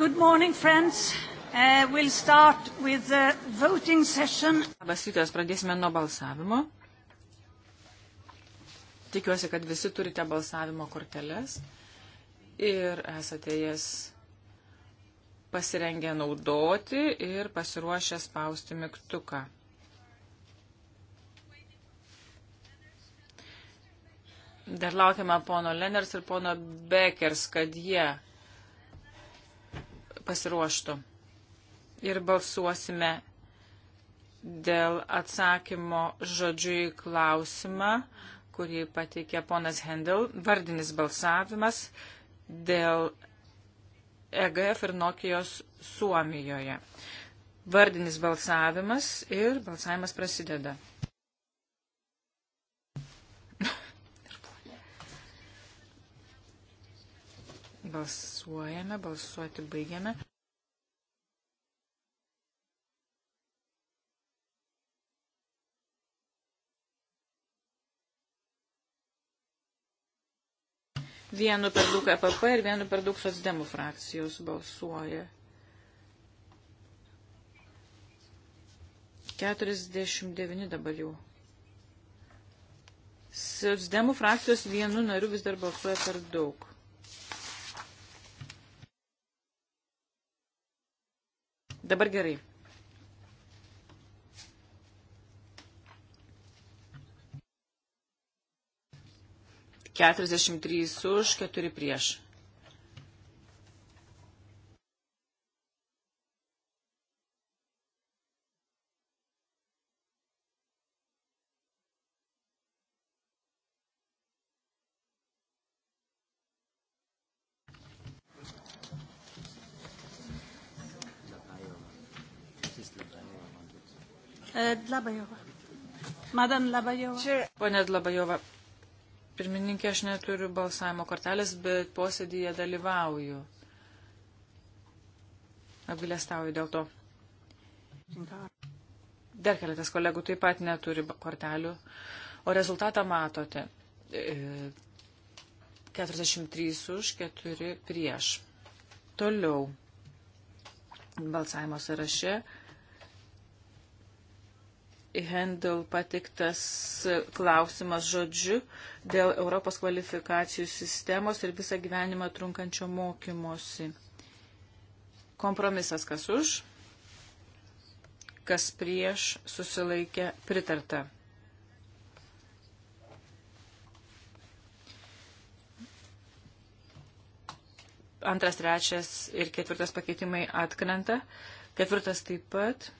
Good morning, friends. Uh, we'll start with the voting session. Labas rytas, pradėsime nuo balsavimo. Tikiuosi, kad visi turite balsavimo korteles ir esate jas pasirengę naudoti ir pasiruošę spausti mygtuką. Dar laukiame pono Leners ir pono Bekers, kad jie pasiruoštų. Ir balsuosime dėl atsakymo žodžiu į klausimą, kurį pateikė ponas Hendel, vardinis balsavimas dėl EGF ir Nokijos Suomijoje. Vardinis balsavimas ir balsavimas prasideda. Balsuojame, balsuoti baigiame. Vienu per daug EPP ir vienu per daug socdemų frakcijos balsuoja. 49 dabar jau. Socdemų frakcijos vienu nariu vis dar balsuoja per daug. Dabar gerai. Keturiasdešimt trys už, keturi prieš. E, Dlabajova. Madam Dlabajova. Pone Dlabajova, pirmininkė, aš neturiu balsavimo kortelės, bet posėdėje dalyvauju. Apgailestauju dėl to. Dar keletas kolegų taip pat neturi kortelių, o rezultatą matote. 43 e, už, 4 prieš. Toliau balsavimo sąraše Hendel patiktas klausimas žodžiu dėl Europos kvalifikacijų sistemos ir visą gyvenimą trunkančio mokymosi. Kompromisas kas už, kas prieš susilaikė pritarta. Antras, trečias ir ketvirtas pakeitimai atkrenta. Ketvirtas taip pat.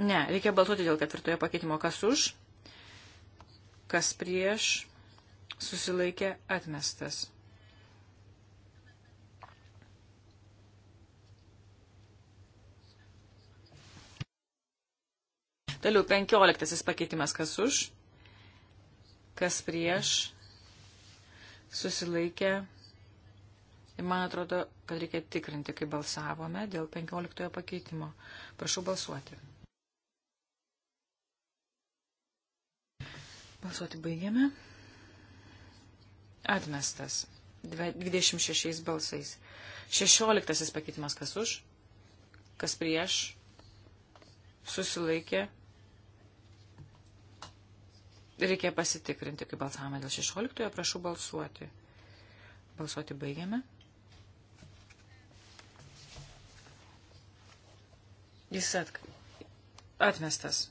Ne, reikia balsuoti dėl ketvirtojo pakeitimo. Kas už, kas prieš, susilaikė atmestas. Toliau penkioliktasis pakeitimas, kas už, kas prieš, susilaikė. Ir man atrodo, kad reikia tikrinti, kai balsavome dėl penkioliktojo pakeitimo. Prašau balsuoti. Balsuoti baigiame. Atmestas. 26 balsais. 16 pakeitimas kas už, kas prieš, susilaikė. Reikia pasitikrinti, kaip balsavome dėl 16, prašau balsuoti. Balsuoti baigiame. Jis atk... atmestas.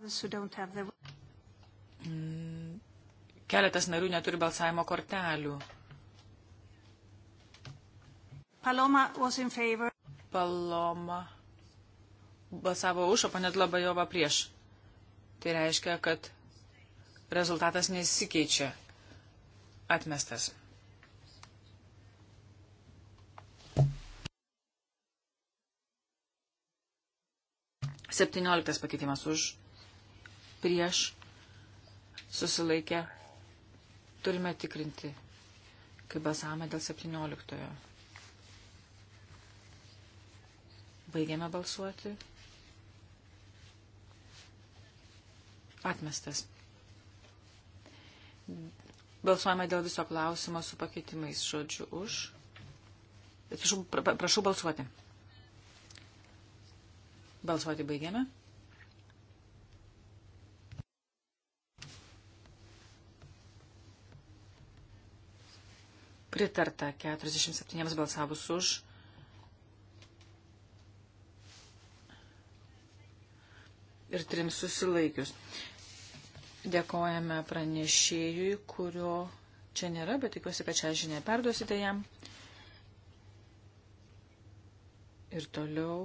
The... Mm, keletas narių neturi balsavimo kortelių. Paloma was in favor. Paloma balsavo už, o panet Labajova prieš. Tai reiškia, kad rezultatas nesikeičia. Atmestas. Septynioliktas pakeitimas už prieš susilaikę. Turime tikrinti, kaip balsavome dėl 17. -ojo. Baigiame balsuoti. Atmestas. Balsuojame dėl viso klausimo su pakeitimais žodžiu už. Prašau, pra, prašau balsuoti. Balsuoti baigiame. Pritarta 47 balsavus už. Ir trims susilaikius. Dėkojame pranešėjui, kurio čia nėra, bet tikiuosi, kad šią žinią perduosite jam. Ir toliau.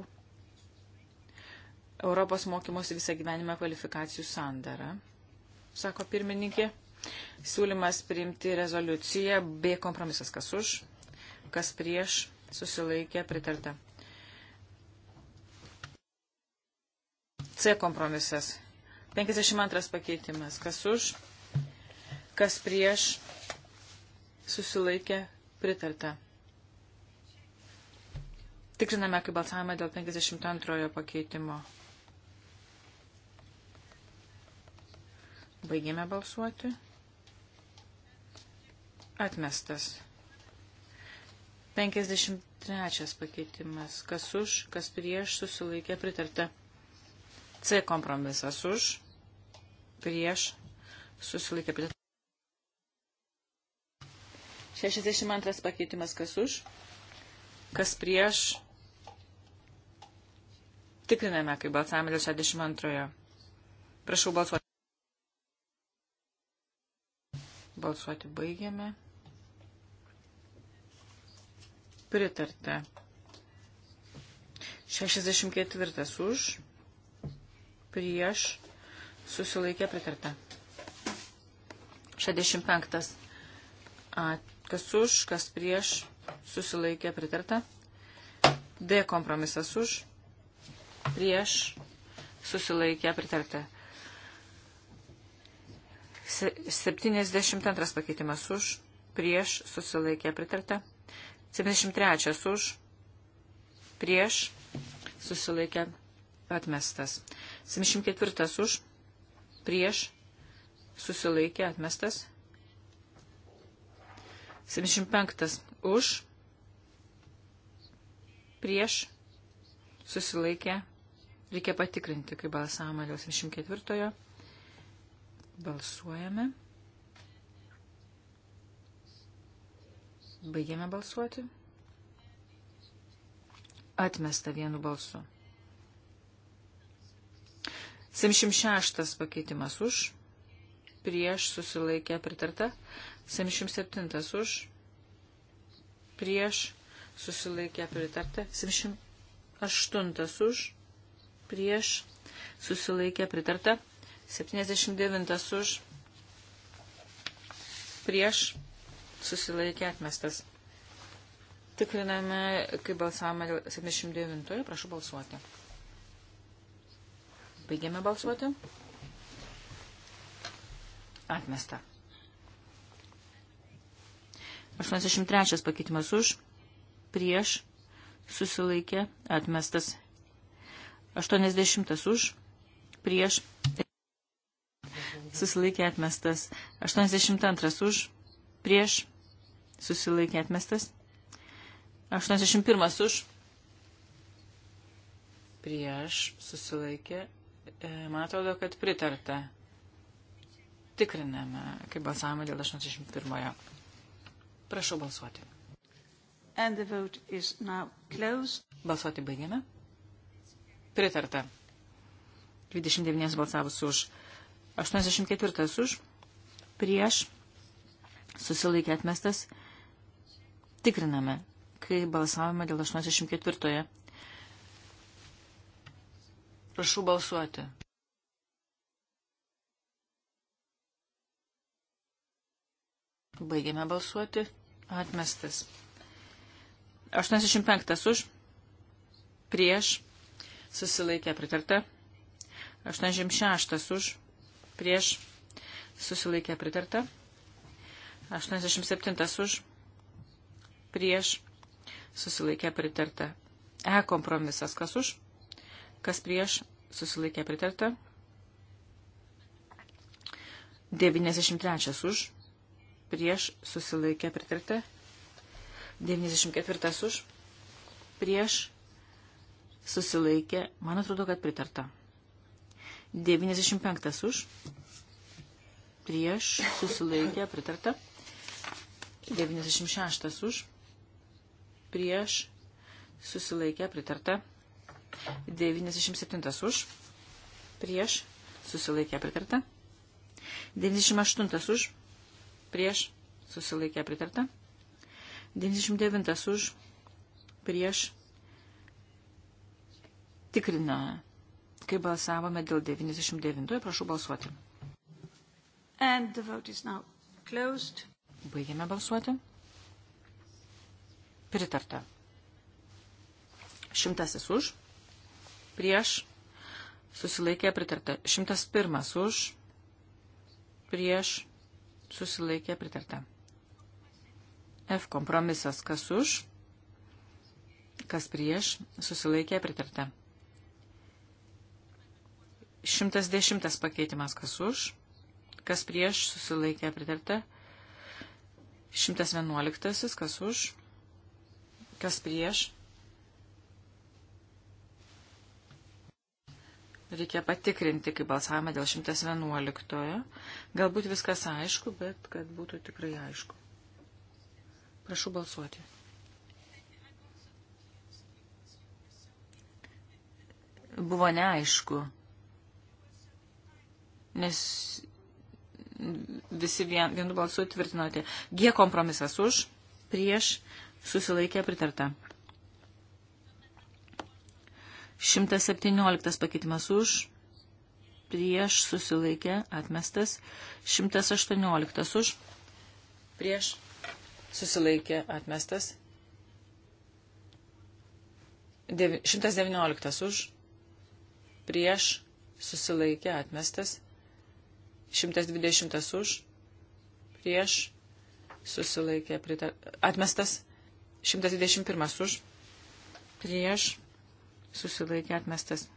Europos mokymosi visą gyvenimą kvalifikacijų sandara, sako pirmininkė. Siūlymas priimti rezoliuciją B kompromisas. Kas už, kas prieš, susilaikė, pritarta. C kompromisas. 52 pakeitimas. Kas už, kas prieš, susilaikė, pritarta. Tikriname, kaip balsavome dėl 52 pakeitimo. Baigėme balsuoti. Atmestas. 53 pakeitimas. Kas už, kas prieš susilaikė pritarta. C kompromisas už, prieš susilaikė pritarta. 62 pakeitimas. Kas už, kas prieš. Tikriname, kaip balsavome dėl 62. Prašau balsuoti. Balsuoti baigiame. pritarta. 64 už, prieš, susilaikė pritarta. 65. A, kas už, kas prieš, susilaikė pritarta. D kompromisas už, prieš, susilaikė pritarta. 72 pakeitimas už, prieš, susilaikė pritarta. 73 už, prieš, susilaikė, atmestas. 74 už, prieš, susilaikė, atmestas. 75 už, prieš, susilaikė, reikia patikrinti, kai balsavome dėl 74. -ojo. Balsuojame. Baigėme balsuoti. Atmesta vienu balsu. 706 pakeitimas už, prieš susilaikę pritarta, 707 už, prieš susilaikę pritarta, 708 už, prieš susilaikę pritarta, 79 už, prieš susilaikė atmestas. Tikriname, kaip balsavome 79, prašau balsuoti. Baigėme balsuoti. Atmesta. 83 pakeitimas už, prieš, susilaikė, atmestas. 80 už, prieš, susilaikė, atmestas. 82 už, prieš, susilaikė atmestas. 81 už, prieš susilaikė, e, man atrodo, kad pritarta. Tikriname, kaip balsavome dėl 81-ojo. Prašau balsuoti. And the vote is now closed. Balsuoti baigėme. Pritarta. 29 balsavus už. 84 už. Prieš. Susilaikė atmestas. Tikriname, kai balsavome dėl 84. Prašau balsuoti. Baigėme balsuoti. Atmestas. 85 už. Prieš. Susilaikė pritarta. 86 už. Prieš. Susilaikė pritarta. 87 už prieš, susilaikė pritarta. E kompromisas, kas už, kas prieš, susilaikė pritarta. 93 už, prieš, susilaikė pritarta. 94 už, prieš, susilaikė, man atrodo, kad pritarta. 95 už, prieš, susilaikė, pritarta. 96 už, prieš susilaikę pritarta. 97 už prieš susilaikę pritarta. 98 už prieš susilaikę pritarta. 99 už prieš tikrina, kai balsavome dėl 99, prašau balsuoti. Baigiame balsuoti. Pritarta. Šimtasis už. Prieš. Susilaikė pritarta. Šimtas pirmas už. Prieš. Susilaikė pritarta. F kompromisas kas už. Kas prieš. Susilaikė pritarta. Šimtas dešimtas pakeitimas kas už. Kas prieš. Susilaikė pritarta. Šimtas vienuoliktasis kas už Kas prieš? Reikia patikrinti, kaip balsavome dėl 111. Galbūt viskas aišku, bet kad būtų tikrai aišku. Prašau balsuoti. Buvo neaišku, nes visi vien, vienu balsu tvirtinote. G kompromisas už, prieš, susilaikė pritarta. 117 pakeitimas už, prieš susilaikė atmestas, 118 už, prieš susilaikė atmestas, 119 už, prieš susilaikė atmestas, 120 už, prieš susilaikė pritar, atmestas, 121 už, prieš, susilaikė atmestas.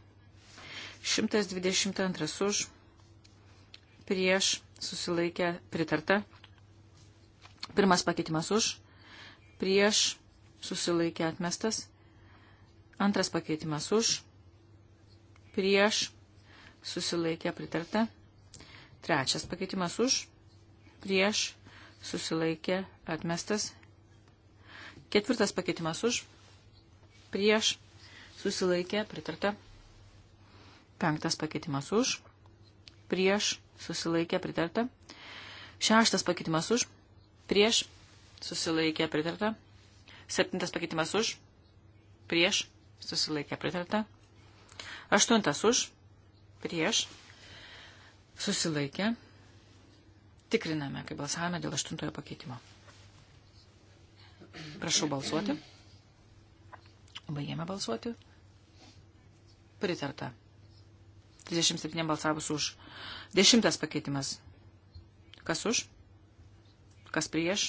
122 už, prieš, susilaikė pritarta. Pirmas pakeitimas už, prieš, susilaikė atmestas. Antras pakeitimas už, prieš, susilaikė pritarta. Trečias pakeitimas už, prieš, susilaikė atmestas. Ketvirtas pakeitimas už, prieš, susilaikė, pritarta. Penktas pakeitimas už, prieš, susilaikė, pritarta. Šeštas pakeitimas už, prieš, susilaikė, pritarta. Septintas pakeitimas už, prieš, susilaikė, pritarta. Aštuntas už, prieš, susilaikė. Tikriname, kaip balsavome dėl aštuntojo pakeitimo. Prašau balsuoti. Baigėme balsuoti. Pritarta. 37 balsavus už. Dešimtas pakeitimas. Kas už? Kas prieš?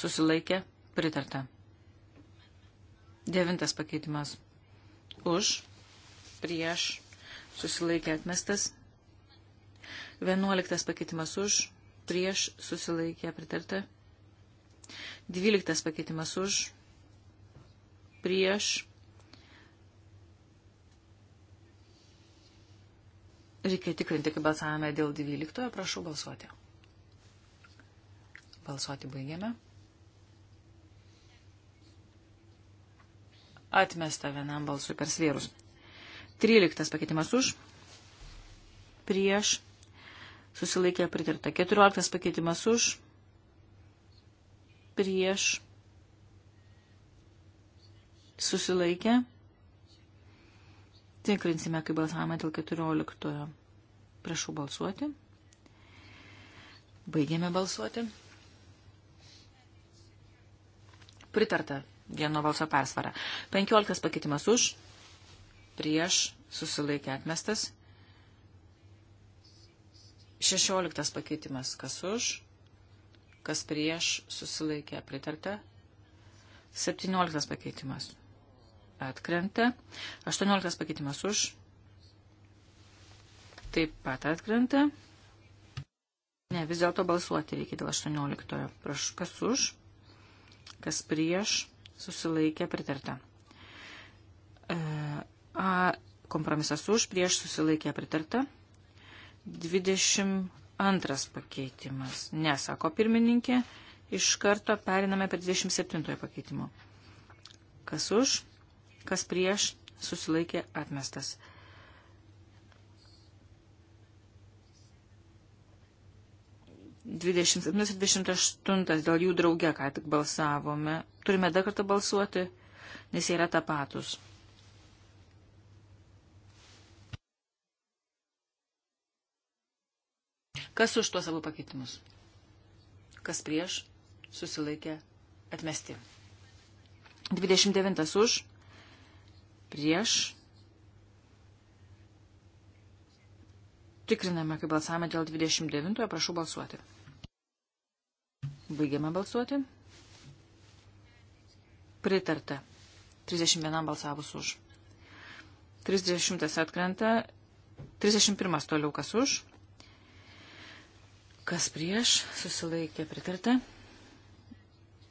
Susilaikė. Pritarta. Devintas pakeitimas. Už. Prieš. Susilaikė atmestas. Vienuoliktas pakeitimas už. Prieš. Susilaikė pritarta. Dvyliktas pakeitimas už, prieš. Reikia tikrinti, kaip balsavome dėl dvyliktojo, prašau balsuoti. Balsuoti baigiame. Atmesta vienam balsui per svėrus. Tryliktas pakeitimas už, prieš, susilaikė pritarta. Keturioliktas pakeitimas už, prieš prieš susilaikę. Tikrinsime, kaip balsavome dėl 14. Prašau balsuoti. Baigėme balsuoti. Pritarta vieno balso persvara. 15 pakeitimas už, prieš, susilaikė atmestas. 16 pakeitimas kas už, kas prieš susilaikė pritarta. 17 pakeitimas atkrenta. 18 pakeitimas už taip pat atkrenta. Ne, vis dėlto balsuoti reikia dėl 18. Praš, kas už, kas prieš susilaikė pritarta. E, A, kompromisas už, prieš susilaikė pritarta. 20 Antras pakeitimas. Nesako pirmininkė. Iš karto periname prie 27 pakeitimo. Kas už, kas prieš, susilaikė atmestas. Dvidešimt ir nu, dvidešimt aštuntas dėl jų drauge, ką tik balsavome. Turime dar kartą balsuoti, nes jie yra tapatus. patus. Kas už tuos abu pakeitimus? Kas prieš? Susilaikė atmesti. 29 už, prieš. Tikriname, kaip balsavome dėl 29, prašau balsuoti. Baigiame balsuoti. Pritarta. 31 balsavus už. 30 atkrenta. 31 toliau kas už. Kas prieš? Susilaikė pritarta.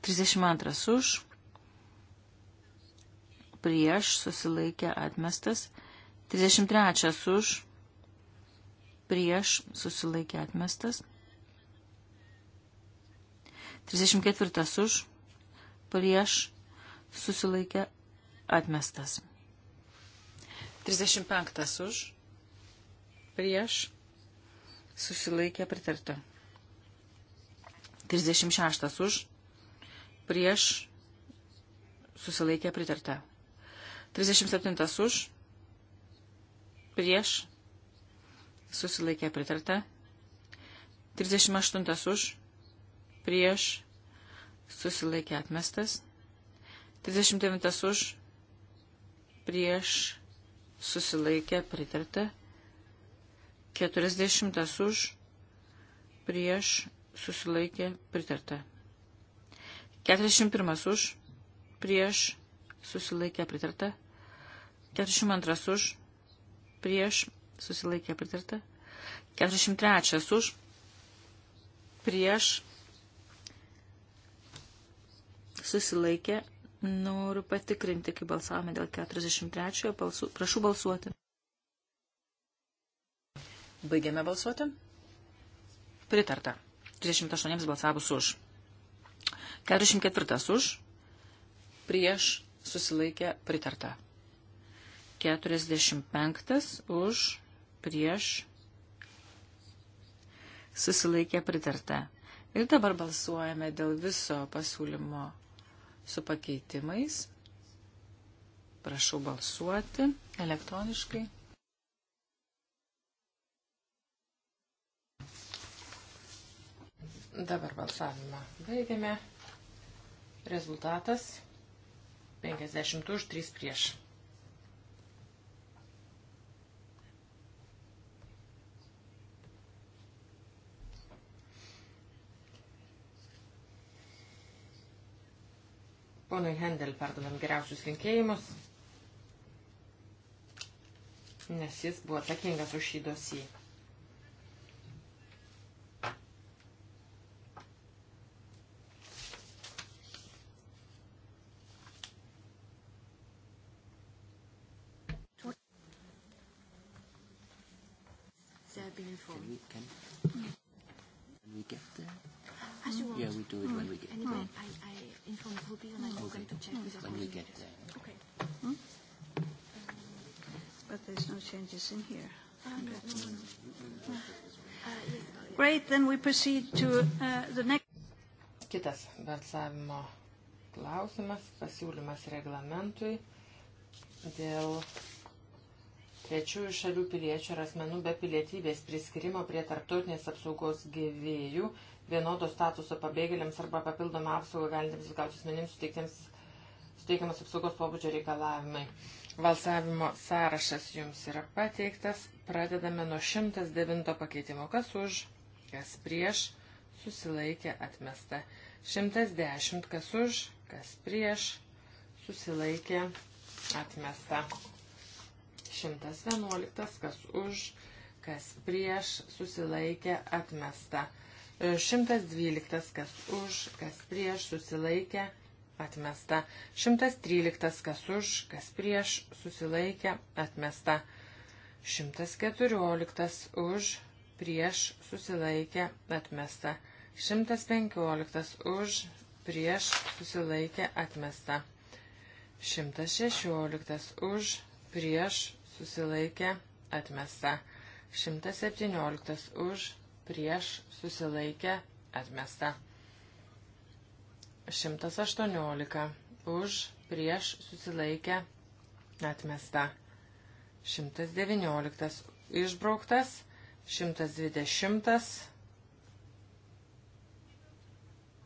32 už. Prieš susilaikė atmestas. 33 už. Prieš susilaikė atmestas. 34 už. Prieš susilaikė atmestas. 35 už. Prieš susilaikė pritarta. 36 už, prieš, susilaikė pritarta. 37 už, prieš, susilaikė pritarta. 38 už, prieš, susilaikė atmestas. 39 už, prieš, susilaikė pritarta. 40 už, prieš, susilaikė, pritarta. 41 už, prieš, susilaikė, pritarta. 42 už, prieš, susilaikė, pritarta. 43 už, prieš, susilaikė, noriu patikrinti, kaip balsavome dėl 43, balsu, prašau balsuoti. Baigiame balsuoti. Pritarta. 38 balsavus už. 44 už. Prieš susilaikė pritarta. 45 už. Prieš susilaikė pritarta. Ir dabar balsuojame dėl viso pasiūlymo su pakeitimais. Prašau balsuoti elektroniškai. Dabar balsavimą baigiame. Rezultatas 50 už 3 prieš. Ponui Hendel perdodam geriausius linkėjimus, nes jis buvo atsakingas už šį dosiją. before. Can we, can, can we get there? As you want. Yeah, we do it mm. when we get anyway, mm. there. Anyway, I, I informed Ruby and I'm okay. going to check mm. with When we get there. Okay. Hmm? But there's no changes in here. Uh, no, no, no. Uh, yes. Great, then we proceed to uh, the next. Kitas balsavimo klausimas, pasiūlymas reglamentui dėl trečiųjų šalių piliečių ir asmenų be pilietybės priskirimo prie tarptautinės apsaugos gyvėjų, vienodo statuso pabėgėliams arba papildomą apsaugą galintiems gauti asmenims suteiktiems suteikiamas apsaugos pobūdžio reikalavimai. Valsavimo sąrašas jums yra pateiktas. Pradedame nuo 109 pakeitimo. Kas už, kas prieš, susilaikė atmesta. 110 kas už, kas prieš, susilaikė atmesta. 111, kas už, kas prieš, susilaikė, atmesta. 112, kas už, kas prieš, susilaikė, atmesta. 113, kas už, kas prieš, susilaikė, atmesta. 114 už, prieš, susilaikė, atmesta. 115 už, prieš, susilaikė, atmesta. 116 už, prieš, susilaikė, atmesta. 117 už, prieš, susilaikė, atmesta. 118 už, prieš, susilaikė, atmesta. 119 išbrauktas, 120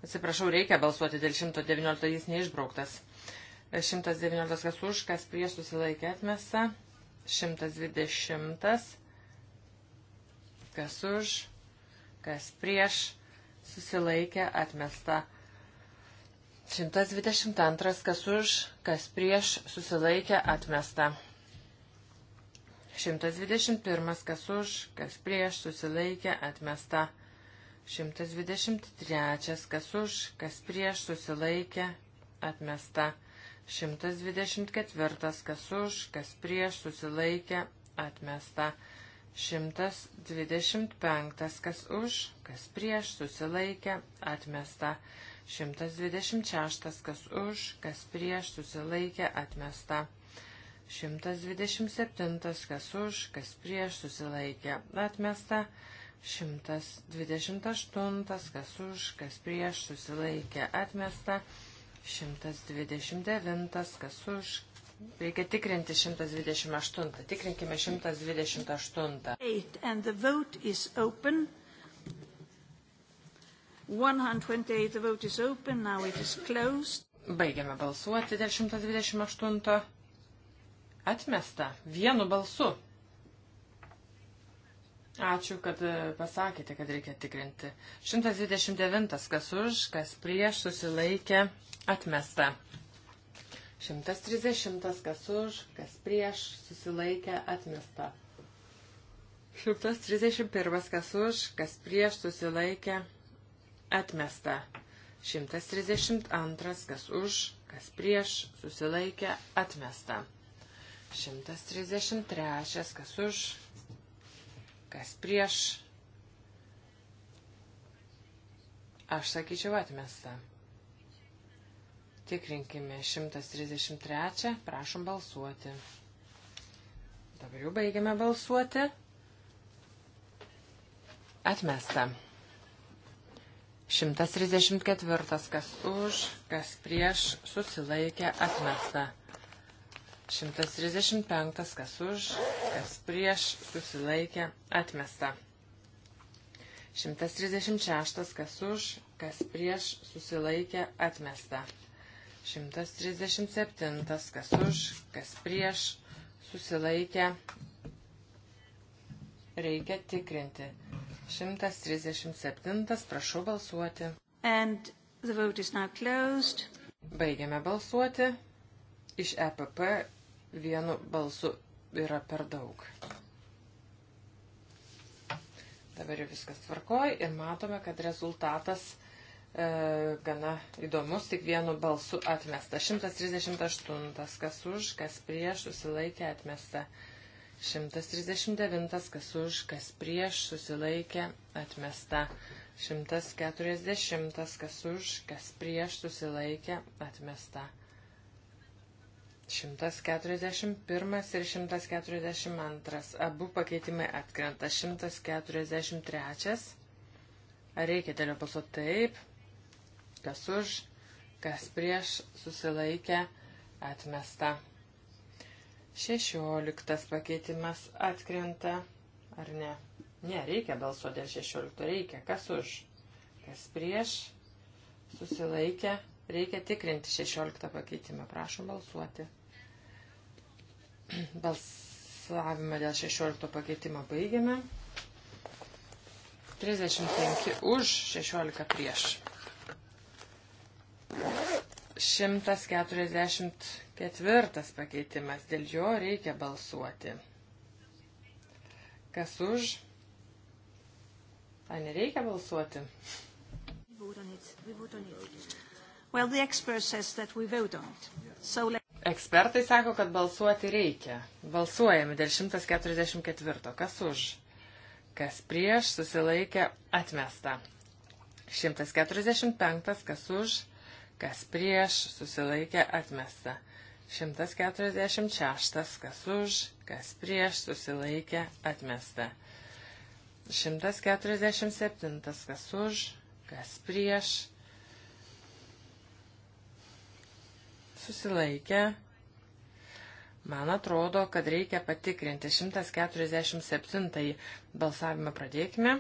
Atsiprašau, reikia balsuoti dėl 119, jis neišbrauktas. 119 kas už, kas prieš susilaikė atmesta. 120. Kas už, kas prieš, susilaikė, atmesta. 122. Kas už, kas prieš, susilaikė, atmesta. 121. Kas už, kas prieš, susilaikė, atmesta. 123. Kas už, kas prieš, susilaikė, atmesta. 124. Kas už, kas prieš, susilaikė, atmesta. 125. Kas už, kas prieš, susilaikė, atmesta. 126. Kas už, kas prieš, susilaikė, atmesta. 127. Kas už, kas prieš, susilaikė, atmesta. 128. Kas už, kas prieš, susilaikė, atmesta. 129, kas už. Reikia tikrinti 128. Tikrinkime 128. 8, and the vote is open. 128, the vote is open, now it is closed. Baigiame balsuoti dėl 128. Atmesta vienu balsu. Ačiū, kad e, pasakėte, kad reikia tikrinti. 129, kas už, kas prieš, susilaikė Atmesta. 130, kas už, kas prieš, susilaikė, atmesta. 131, kas už, kas prieš, susilaikė, atmesta. 132, kas už, kas prieš, susilaikė, atmesta. 133, kas už, kas prieš, aš sakyčiau atmesta. Tikrinkime 133, prašom balsuoti. Dabar jau baigiame balsuoti. Atmesta. 134, kas už, kas prieš, susilaikė, atmesta. 135, kas už, kas prieš, susilaikė, atmesta. 136, kas už, kas prieš, susilaikė, atmesta. 137. Kas už, kas prieš, susilaikę. Reikia tikrinti. 137. Prašau balsuoti. And the vote is now closed. Baigiame balsuoti. Iš EPP vienu balsu yra per daug. Dabar jau viskas tvarkoj ir matome, kad rezultatas E, gana įdomus, tik vienu balsu atmesta. 138, kas už, kas prieš, susilaikė atmesta. 139, kas už, kas prieš, susilaikė atmesta. 140, kas už, kas prieš, susilaikė atmesta. 141 ir 142. Abu pakeitimai atkrenta. 143. Ar reikia telepaso taip? kas už, kas prieš susilaikę atmesta. Šešioliktas pakeitimas atkrenta, ar ne? Ne, reikia balsuoti dėl šešiolikto, reikia. Kas už, kas prieš susilaikę, reikia tikrinti šešioliktą pakeitimą. Prašom balsuoti. Balsavimą dėl šešiolikto pakeitimo baigiame. 35 už, 16 prieš. 144 pakeitimas. Dėl jo reikia balsuoti. Kas už? Ar nereikia balsuoti? Well, so let... Ekspertai sako, kad balsuoti reikia. Balsuojame dėl 144. Kas už? Kas prieš susilaikė atmesta. 145. Kas už? kas prieš, susilaikė atmesta. 146, kas už, kas prieš, susilaikė atmesta. 147, kas už, kas prieš, susilaikė. Man atrodo, kad reikia patikrinti 147 balsavimą pradėkime.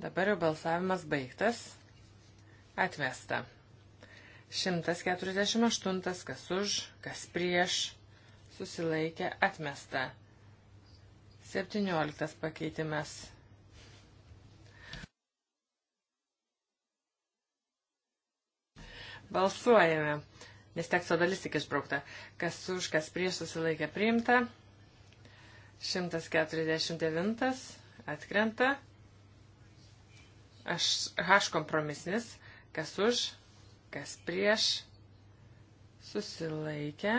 Dabar jau balsavimas baigtas. Atmesta. 148. Kas už, kas prieš, susilaikė, atmesta. 17 pakeitimas. Balsuojame, nes teksto dalis tik išbraukta. Kas už, kas prieš susilaikė priimta. 149 atkrenta. Aš H kompromisnis. Kas už, kas prieš, susilaikę.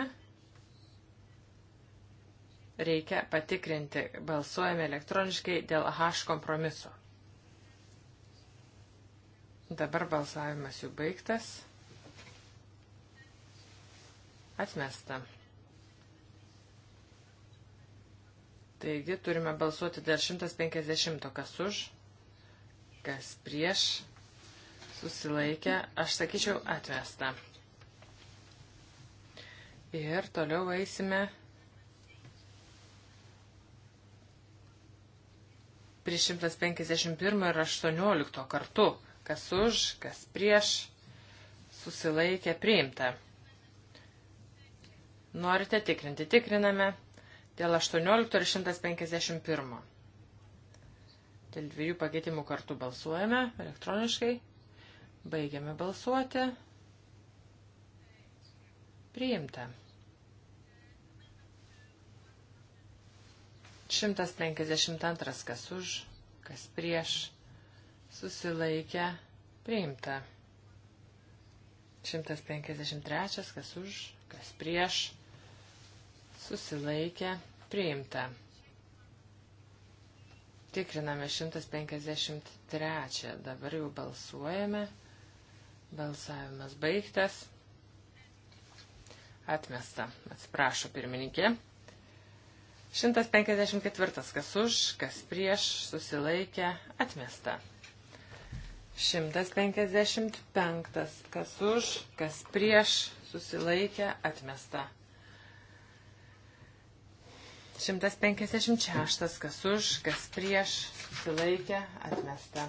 Reikia patikrinti. Balsuojame elektroniškai dėl H kompromiso. Dabar balsavimas jau baigtas. Atmesta. Taigi turime balsuoti dėl 150, kas už, kas prieš, susilaikę, aš sakyčiau, atmesta. Ir toliau eisime prie 151 ir 18 kartu, kas už, kas prieš, susilaikę priimta. Norite tikrinti, tikriname dėl 18 ir 151. Dėl dviejų pakeitimų kartu balsuojame elektroniškai. Baigiame balsuoti. Priimta. 152 kas už, kas prieš, susilaikę, priimta. 153 kas už, kas prieš, susilaikę, priimta. Tikriname 153, dabar jau balsuojame. Balsavimas baigtas. Atmesta. Atsiprašo pirmininkė. 154. Kas už, kas prieš, susilaikė, atmesta. 155. Kas už, kas prieš, susilaikė, atmesta. 156. Kas už, kas prieš, susilaikė, atmesta.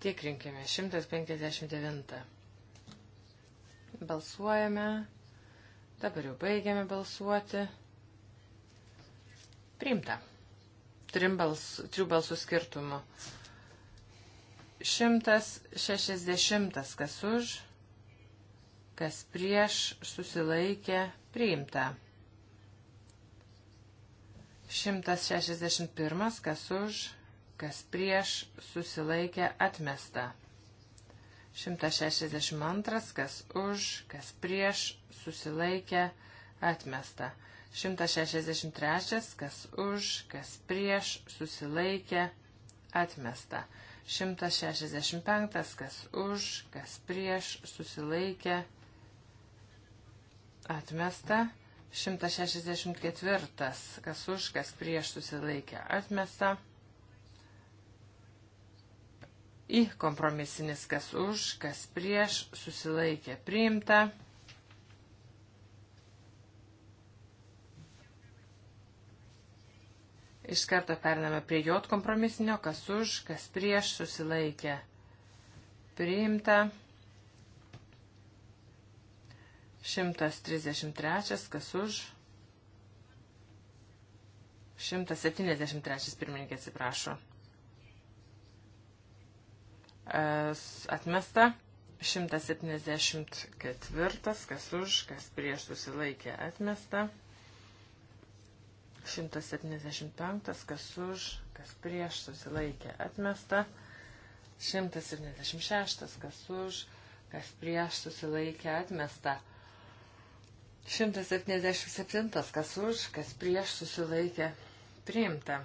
Tikrinkime 159. Balsuojame. Dabar jau baigiame balsuoti. Priimta. Trim bals, trijų balsų skirtumų. 160. Kas už, kas prieš, susilaikė. Priimta. 161. Kas už, kas prieš susilaikė atmesta. 162, kas už, kas prieš susilaikė atmesta. 163, kas už, kas prieš susilaikė atmesta. 165, kas už, kas prieš susilaikė atmesta. 164, kas už, kas prieš susilaikė atmesta į kompromisinis, kas už, kas prieš, susilaikė priimta. Iš karto pername prie J kompromisinio, kas už, kas prieš, susilaikė priimta. 133, kas už. 173 pirmininkė atsiprašo atmesta. 174, kas už, kas prieš susilaikė atmesta. 175, kas už, kas prieš susilaikė atmesta. 176, kas už, kas prieš susilaikė atmesta. 177, kas už, kas prieš susilaikė priimta.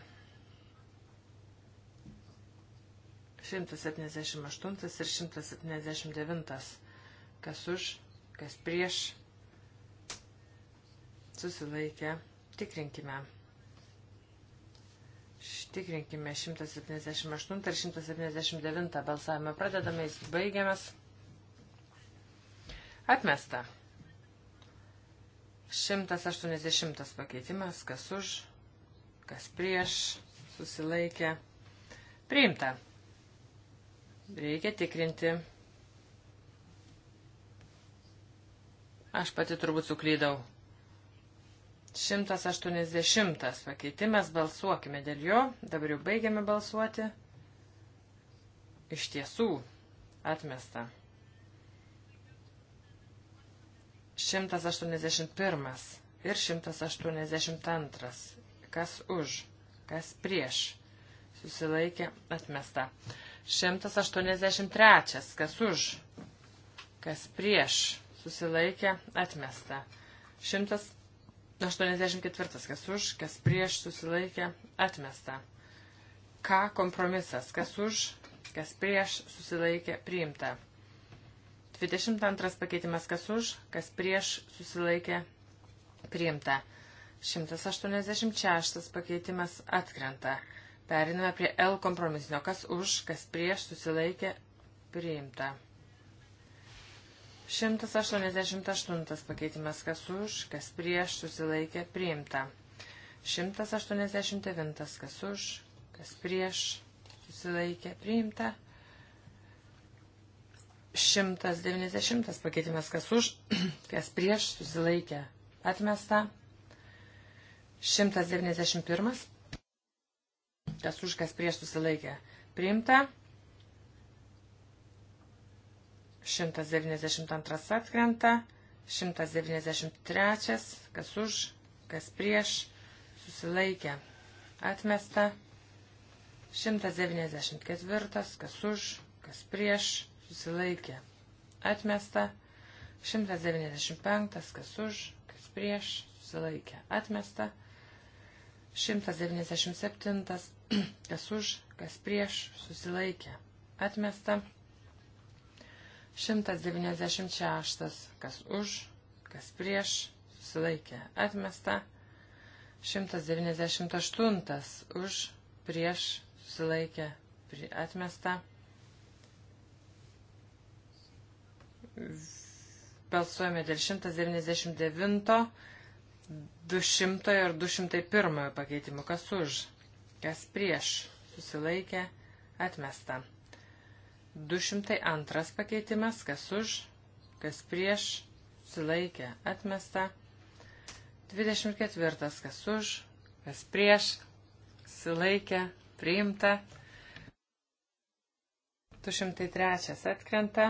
178 ir 179. Kas už, kas prieš. Susilaikė. Tikrinkime. Tikrinkime 178 ir 179 balsavimą. Pradedame, jis baigiamas. Atmesta. 180 pakeitimas. Kas už, kas prieš. Susilaikė. Priimta. Reikia tikrinti. Aš pati turbūt suklydau. 180 pakeitimas, balsuokime dėl jo. Dabar jau baigiame balsuoti. Iš tiesų, atmesta. 181 ir 182. Kas už, kas prieš. Susilaikė, atmesta. 183. Kas už? Kas prieš? Susilaikė atmesta. 184. Kas už? Kas prieš? Susilaikė atmesta. K kompromisas. Kas už? Kas prieš? Susilaikė priimta. 22 pakeitimas kas už, kas prieš susilaikė priimta. 186 pakeitimas atkrenta. Periname prie L kompromisinio. Kas už, kas prieš susilaikė priimta. 188 pakeitimas. Kas už, kas prieš susilaikė priimta. 189. Kas už, kas prieš susilaikė priimta. 190 pakeitimas. Kas už, kas prieš susilaikė atmesta. 191 Kas už, kas prieš susilaikė. Priimta. 192 atkrenta. 193. Kas už, kas prieš susilaikė. Atmesta. 194. Kas už, kas prieš susilaikė. Atmesta. 195. Kas už, kas prieš susilaikė. Atmesta. 197 kas už, kas prieš, susilaikė, atmesta. 196, kas už, kas prieš, susilaikė, atmesta. 198, už, prieš, susilaikė, atmesta. Balsuojame dėl 199, 200 ir 201 pakeitimų, kas už kas prieš susilaikė atmesta. 202 pakeitimas, kas už, kas prieš susilaikė atmesta. 24 kas už, kas prieš susilaikė priimta. 203 atkrenta.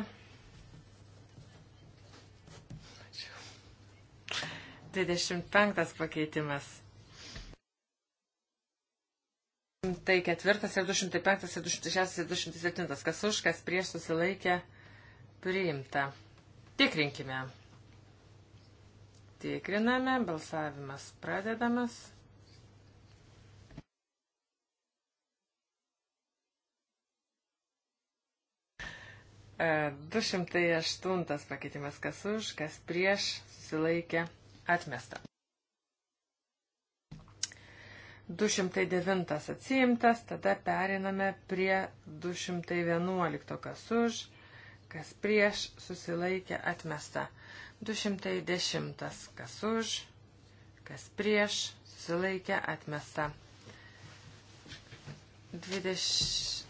25 pakeitimas Tai ketvirtas ir 205 ir 206 ir 207. Kas už, kas prieš susilaikė priimta. Tikrinkime. Tikriname. Balsavimas pradedamas. E, 208 pakeitimas kas už, kas prieš susilaikė atmesta. 209 atsiimtas, tada periname prie 211, kas už, kas prieš, susilaikė atmesta. 210, kas už, kas prieš, susilaikė atmesta. 26,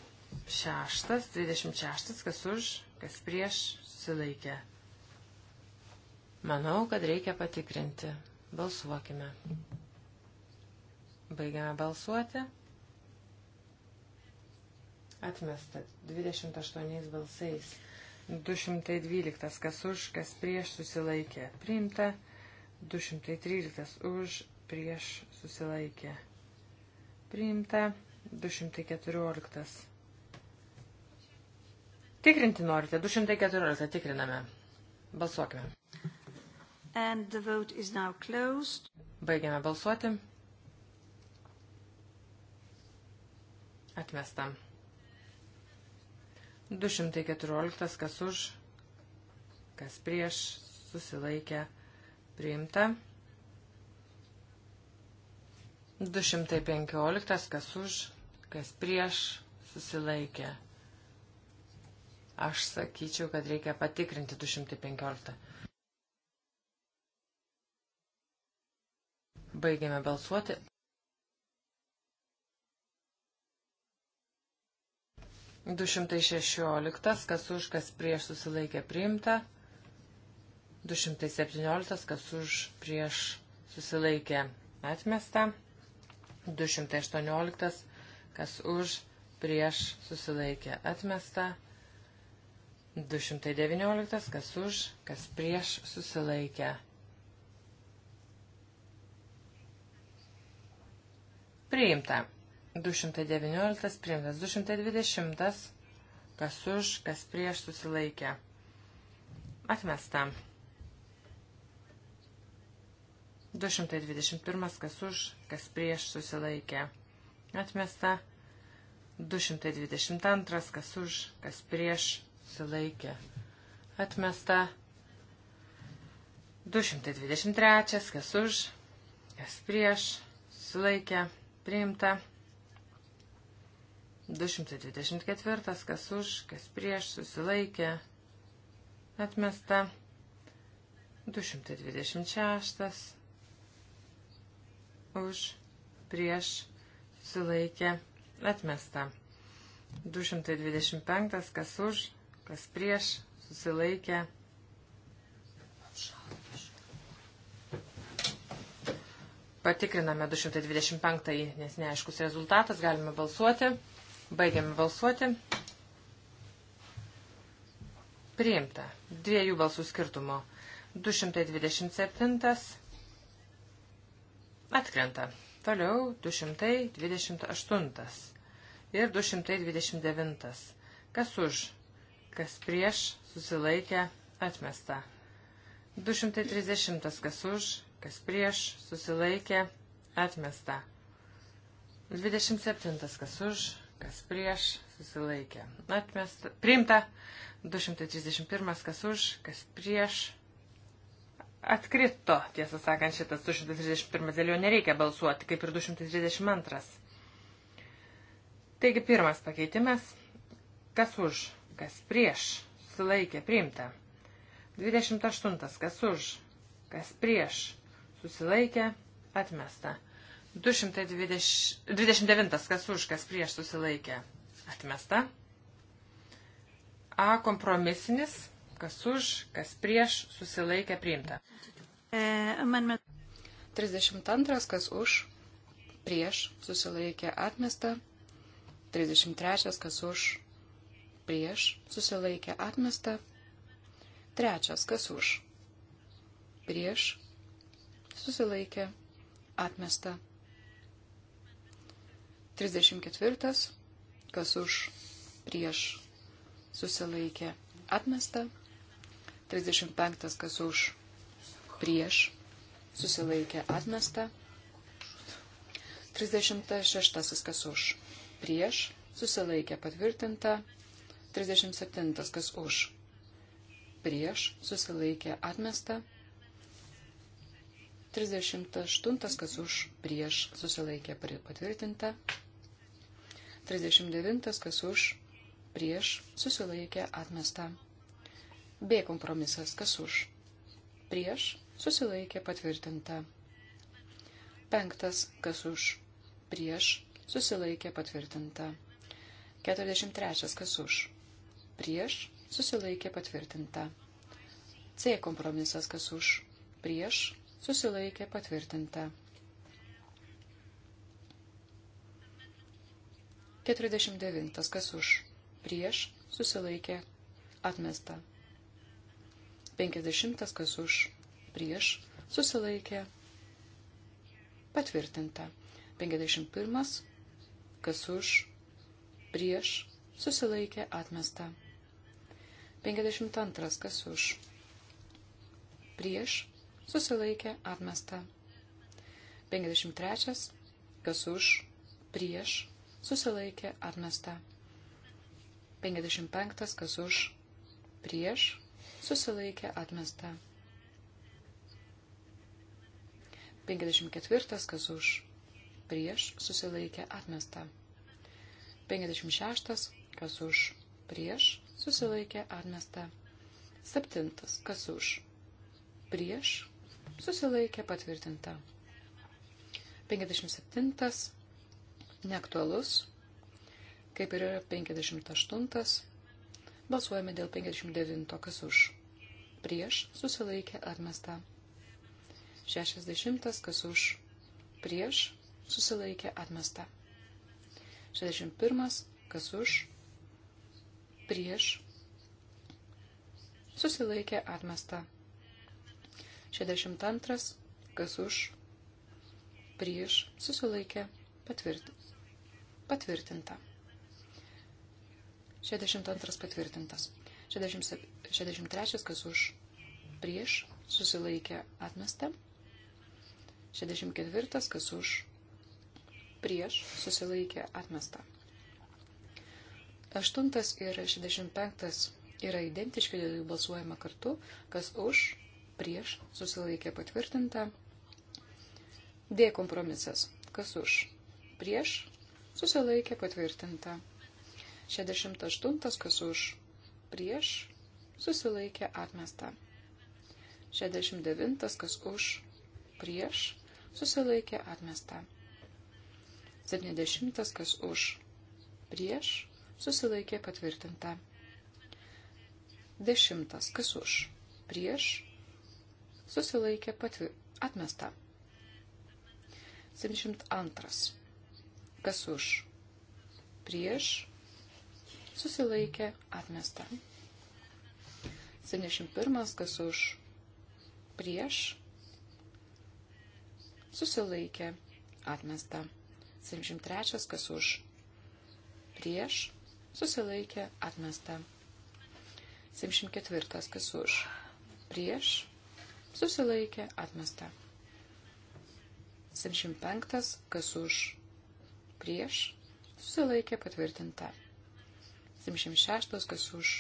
26, kas už, kas prieš, susilaikė. Manau, kad reikia patikrinti. Balsuokime. Baigiame balsuoti. Atmesta 28 balsais. 212 kas už, kas prieš susilaikė. Priimta 213 už, prieš susilaikė. Priimta 214. Tikrinti norite. 214 tikriname. Balsuokime. And the vote is now closed. Baigiame balsuoti. Atmesta. 214. Kas už, kas prieš, susilaikė, priimta. 215. Kas už, kas prieš, susilaikė. Aš sakyčiau, kad reikia patikrinti 215. Baigiame balsuoti. 216, kas už, kas prieš susilaikė priimta. 217, kas už, prieš susilaikė atmesta. 218, kas už, prieš susilaikė atmesta. 219, kas už, kas prieš susilaikė. Priimta. 219 priimtas, 220 kas už, kas prieš susilaikė. Atmesta. 221 kas už, kas prieš susilaikė. Atmesta. 222 kas už, kas prieš susilaikė. Atmesta. 223 kas už, kas prieš susilaikė. Priimta. 224, kas už, kas prieš, susilaikė, atmesta. 226, už, prieš, susilaikė, atmesta. 225, kas už, kas prieš, susilaikė. Patikriname 225, nes neaiškus rezultatas, galime balsuoti. Baigiam balsuoti. Priimta. Dviejų balsų skirtumo. 227 atkrenta. Toliau 228 ir 229. Kas už, kas prieš, susilaikė, atmesta. 230 kas už, kas prieš, susilaikė, atmesta. 27 kas už, kas prieš, susilaikė. Atmesta, priimta, 231, kas už, kas prieš. Atkrito, tiesą sakant, šitas 231, dėl jo nereikia balsuoti, kaip ir 232. Taigi pirmas pakeitimas, kas už, kas prieš, susilaikė, priimta. 28, kas už, kas prieš, susilaikė, atmesta. 229. Kas už, kas prieš susilaikė. Atmesta. A kompromisinis. Kas už, kas prieš susilaikė priimta. 32. E, kas už, prieš susilaikė atmesta. 33. Kas už, prieš susilaikė atmesta. Trečias, kas už? Prieš susilaikė atmesta. 34. Kas už prieš susilaikė atmesta. 35. Kas už prieš susilaikė atmesta. 36. Kas už prieš susilaikė patvirtinta. 37. Kas už prieš susilaikė atmesta. 38. Kas už prieš susilaikė patvirtinta. 39 kas už, prieš, susilaikė, atmesta. B kompromisas kas už, prieš, susilaikė, patvirtinta. Penktas kas už, prieš, susilaikė, patvirtinta. 43 kas už, prieš, susilaikė, patvirtinta. C kompromisas kas už, prieš, susilaikė, patvirtinta. 49. Kas už? Prieš susilaikė atmesta. 50. Kas už? Prieš susilaikė patvirtinta. 51. Kas už? Prieš susilaikė atmesta. 52. Kas už? Prieš susilaikė atmesta. 53. Kas už? Prieš susilaikė atmesta. 55 kas už, prieš, susilaikė atmesta. 54 kas už, prieš, susilaikė atmesta. 56 kas už, prieš, susilaikė atmesta. 7 kas už, prieš, susilaikė patvirtinta. 57 neaktualus, kaip ir yra 58. Balsuojame dėl 59. Kas už? Prieš susilaikė atmesta. 60. Kas už? Prieš susilaikė atmesta. 61. Kas už? Prieš susilaikė atmesta. 62. Kas už? Prieš susilaikė patvirtinti. Patvirtinta. 62 patvirtintas. 63 kas už prieš susilaikė atmesta. 64 kas už prieš susilaikė atmesta. 8 ir 65 yra identiški, dėl jų balsuojama kartu, kas už prieš susilaikė patvirtinta. D kompromisas. Kas už? Prieš susilaikė patvirtinta. 68 kas už, prieš, susilaikė atmesta. 69 kas už, prieš, susilaikė atmesta. 70 kas už, prieš, susilaikė patvirtinta. 10 kas už, prieš, susilaikė patvi... atmesta. 72 Kas už? Prieš. Susilaikė. Atmesta. 71. Kas už? Prieš. Susilaikė. Atmesta. 73. Kas už? Prieš. Susilaikė. Atmesta. 74. Kas už? Prieš. Susilaikė. Atmesta. 75. Kas už? prieš, susilaikė patvirtinta. 76, kas už,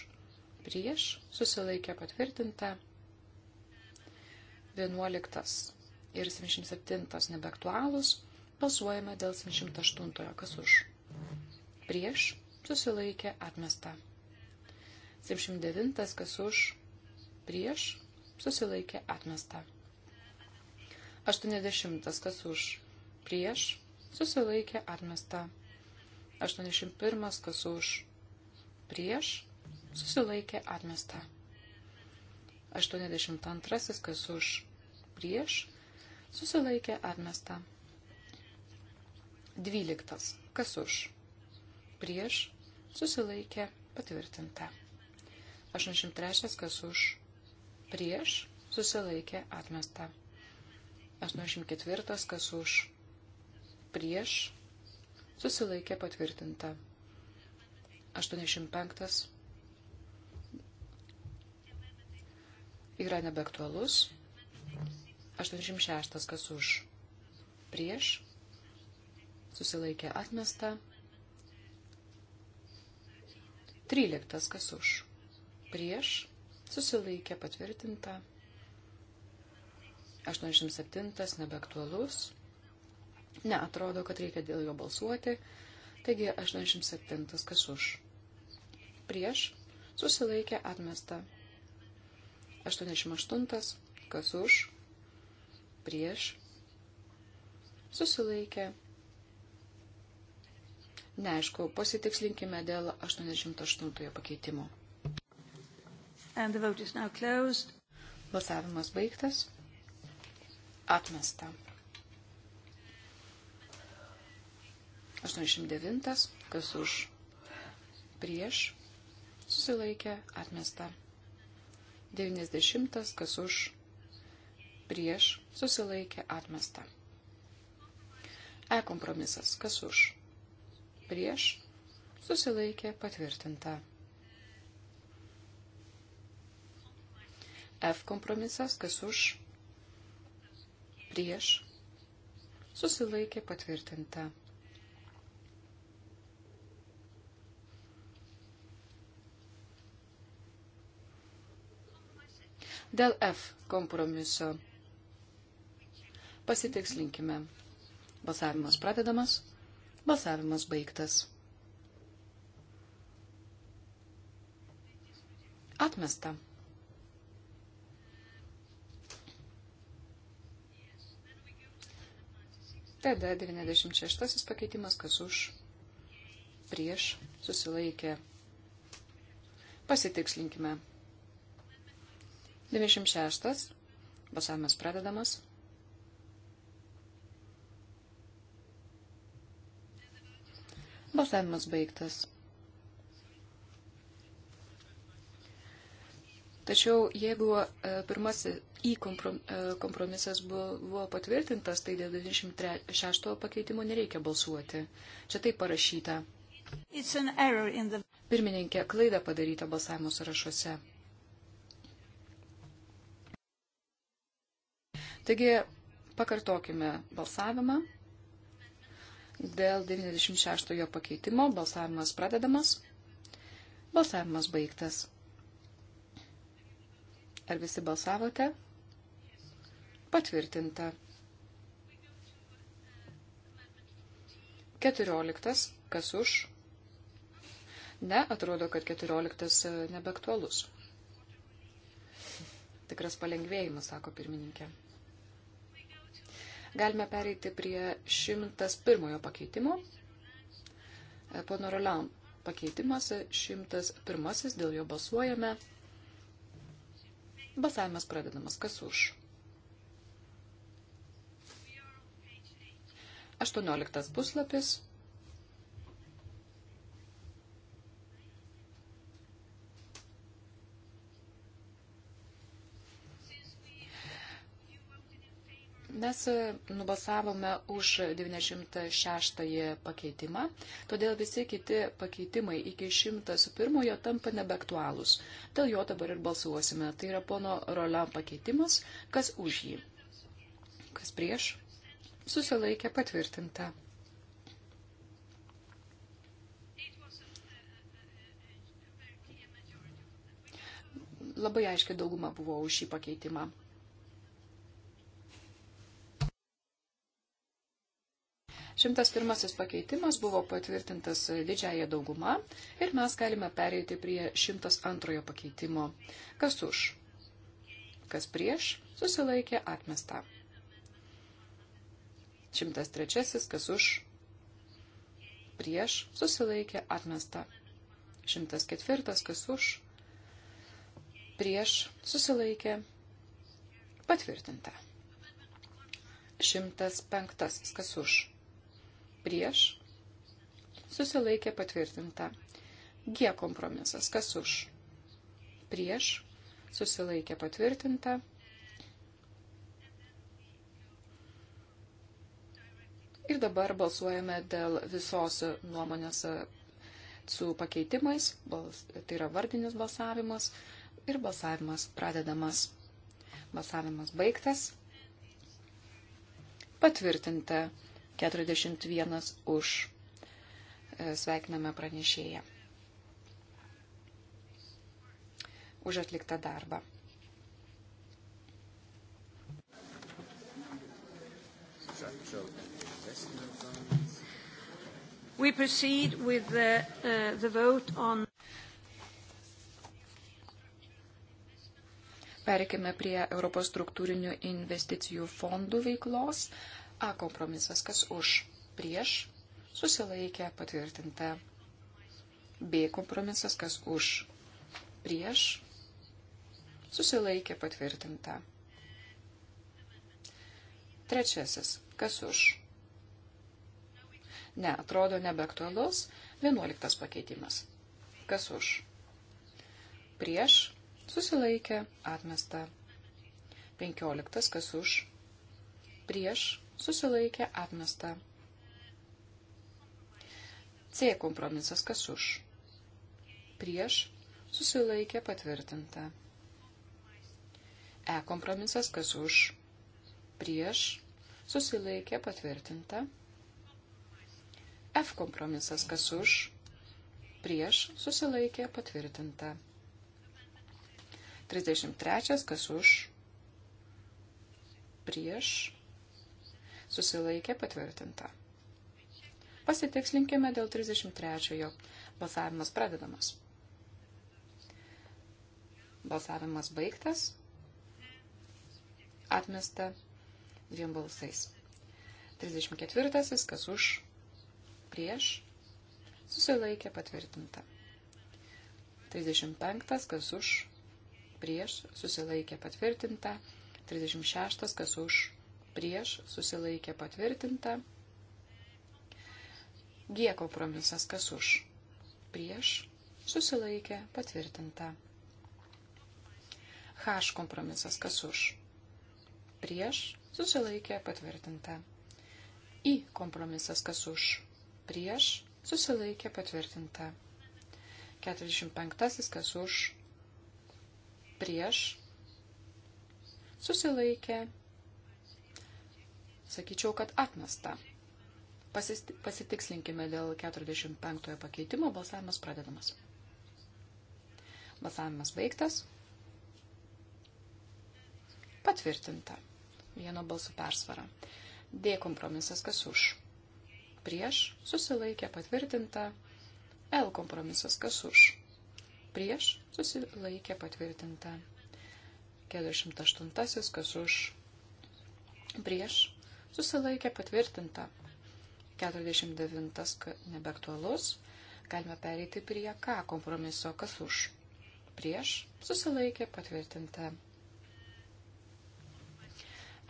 prieš, susilaikė patvirtinta. 11 ir 77 nebeaktualūs, balsuojame dėl 78, kas už. Prieš susilaikė atmesta. 79, kas už. Prieš susilaikė atmesta. 80, kas už. Prieš susilaikė atmesta. 81 kas už prieš susilaikė atmesta. 82 kas už prieš susilaikė atmesta. 12 kas už prieš susilaikė patvirtinta. 83 kas už prieš susilaikė atmesta. 84 kas už prieš, susilaikė patvirtinta. 85 yra nebeaktualus. 86 kas už, prieš, susilaikė atmesta. 13 kas už, prieš, susilaikė patvirtinta. 87 nebeaktualus. Ne, atrodo, kad reikia dėl jo balsuoti. Taigi 87 kas už. Prieš susilaikė atmesta. 88 kas už. Prieš susilaikė. Neaišku, pasitikslinkime dėl 88 pakeitimo. Balsavimas baigtas. Atmesta. 89, kas už prieš, susilaikė, atmesta. 90, kas už prieš, susilaikė, atmesta. E kompromisas, kas už prieš, susilaikė, patvirtinta. F kompromisas, kas už prieš, susilaikė, patvirtinta. Dėl F kompromiso pasitikslinkime. Balsavimas pradedamas, balsavimas baigtas. Atmesta. Tada 96 pakeitimas, kas už, prieš, susilaikė. Pasitikslinkime. 96. Balsavimas pradedamas. Balsavimas baigtas. Tačiau jeigu e, pirmasis į e, kompromisas buvo patvirtintas, tai dėl 96 pakeitimo nereikia balsuoti. Čia taip parašyta. The... Pirmininkė, klaida padaryta balsavimo sąrašuose. Taigi pakartokime balsavimą. Dėl 96 pakeitimo balsavimas pradedamas. Balsavimas baigtas. Ar visi balsavote? Patvirtinta. 14. Kas už? Ne, atrodo, kad 14 e, nebeaktualus. Tikras palengvėjimas, sako pirmininkė. Galime pereiti prie 101 pakeitimo. E, pono Roland pakeitimas 101, dėl jo balsuojame. Balsavimas pradedamas. Kas už? 18 puslapis. Mes e, nubalsavome už 96 pakeitimą, todėl visi kiti pakeitimai iki 101 tampa nebeaktualūs. Dėl jo dabar ir balsuosime. Tai yra pono Rolan pakeitimas, kas už jį, kas prieš, susilaikė patvirtinta. Labai aiškiai dauguma buvo už šį pakeitimą. 101 pakeitimas buvo patvirtintas didžiaja dauguma ir mes galime pereiti prie 102 pakeitimo. Kas už? Kas prieš? Susilaikė atmesta. 103. Kas už? Prieš? Susilaikė atmesta. 104. Kas už? Prieš? Susilaikė patvirtinta. 105. Kas už? prieš, susilaikė patvirtinta. G kompromisas, kas už, prieš, susilaikė patvirtinta. Ir dabar balsuojame dėl visos nuomonės su pakeitimais, bals, tai yra vardinis balsavimas ir balsavimas pradedamas. Balsavimas baigtas. Patvirtinta 41 už. E, sveikiname pranešėją. Už atliktą darbą. We proceed with the, uh, the vote on Perkime prie Europos struktūrinių investicijų fondų veiklos. Uh, A kompromisas, kas už, prieš, susilaikė, patvirtinta. B kompromisas, kas už, prieš, susilaikė, patvirtinta. Trečiasis, kas už. Ne, atrodo nebeaktualus, vienuoliktas pakeitimas. Kas už. Prieš, susilaikė, atmesta. Penkioliktas, kas už. Prieš, susilaikė atmesta. C kompromisas kas už. Prieš susilaikė patvirtinta. E kompromisas kas už. Prieš susilaikė patvirtinta. F kompromisas kas už. Prieš susilaikė patvirtinta. 33 kas už. Prieš susilaikė patvirtinta. Pasitikslinkime dėl 33-ojo. Balsavimas pradedamas. Balsavimas baigtas. Atmesta dviem balsais. 34-asis, kas už, prieš, susilaikė patvirtinta. 35-as, kas už, prieš, susilaikė patvirtinta. 36-as, kas už, prieš susilaikė patvirtinta. G kompromisas kas už, prieš susilaikė patvirtinta. H kompromisas kas už, prieš susilaikė patvirtinta. I kompromisas kas už, prieš susilaikė patvirtinta. 45 kas už, prieš susilaikė patvirtinta Sakyčiau, kad atmesta. Pasitikslinkime dėl 45 pakeitimo. Balsavimas pradedamas. Balsavimas baigtas. Patvirtinta. Vieno balsų persvara. D kompromisas kas už. Prieš susilaikė patvirtinta. L kompromisas kas už. Prieš susilaikė patvirtinta. 48 kas už. Prieš susilaikė patvirtinta. 49 nebeaktualus. Galime pereiti prie K kompromiso, kas už. Prieš susilaikė patvirtinta.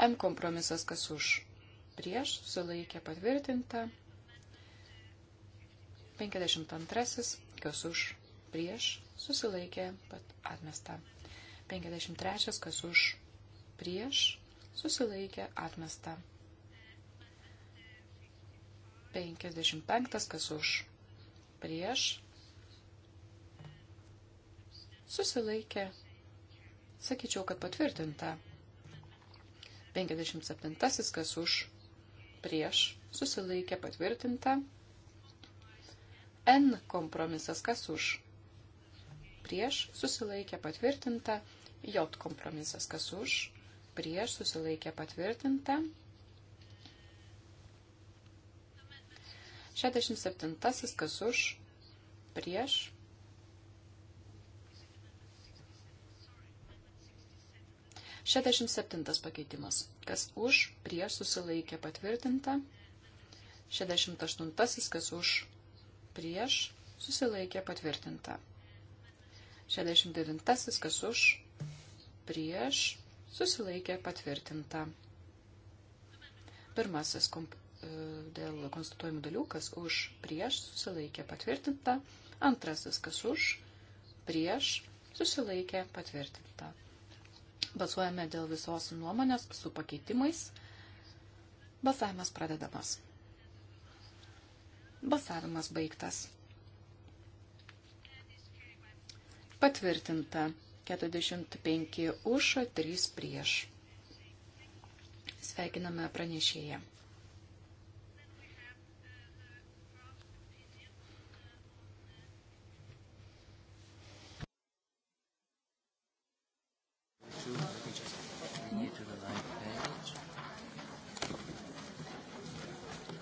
M kompromisas, kas už. Prieš susilaikė patvirtinta. 52 kas už. Prieš susilaikė pat atmesta. 53 kas už. Prieš susilaikė atmesta. 55 kas už prieš susilaikė. Sakyčiau, kad patvirtinta. 57 kas už prieš susilaikė patvirtinta. N kompromisas kas už prieš susilaikė patvirtinta. J kompromisas kas už prieš susilaikė patvirtinta. 67. Kas už? Prieš? Šešiasdešimt septintas pakeitimas. Kas už, prieš susilaikė patvirtinta. Šešiasdešimt aštuntasis, kas už, prieš susilaikė patvirtinta. 69. kas už, prieš, susilaikė patvirtinta. Pirmasis komp dėl konstatuojamų dalių, kas už prieš susilaikė patvirtinta, antrasis, kas už prieš susilaikė patvirtinta. Balsuojame dėl visos nuomonės su pakeitimais. Balsavimas pradedamas. Balsavimas baigtas. Patvirtinta 45 už, 3 prieš. Sveikiname pranešėją.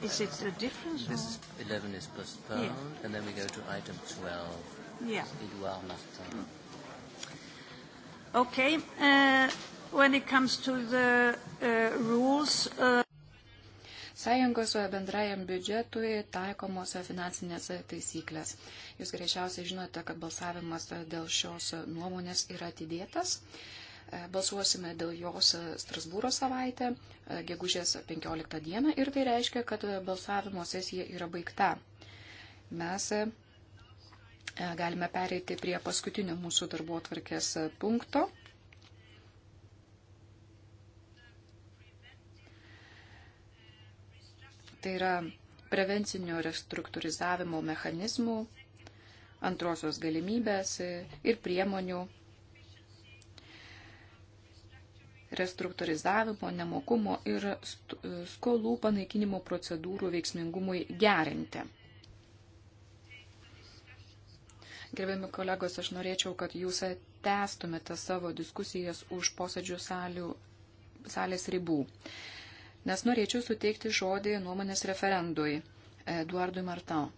Is it a difference? With 11 is postponed, yeah. and then we go to item 12. Yeah. Edouard Martin. Uh, hmm. Okay. Uh, when it comes to the uh, rules. Uh... Sąjungos bendrajam biudžetui taikomos finansinės taisyklės. Jūs greičiausiai žinote, kad balsavimas dėl šios nuomonės yra atidėtas. Uh, E, balsuosime dėl jos e, Strasbūro savaitę, e, gegužės 15 dieną ir tai reiškia, kad balsavimo sesija yra baigta. Mes galime pereiti prie paskutinio mūsų darbo atvarkės punkto. Tai yra prevencinio restruktūrizavimo mechanizmų, antrosios galimybės ir priemonių restruktūrizavimo, nemokumo ir skolų panaikinimo procedūrų veiksmingumui gerinti. Gerbiami kolegos, aš norėčiau, kad jūs tęstumėte savo diskusijas už posėdžių salių, salės ribų, nes norėčiau suteikti žodį nuomonės referendui Eduardui Martin.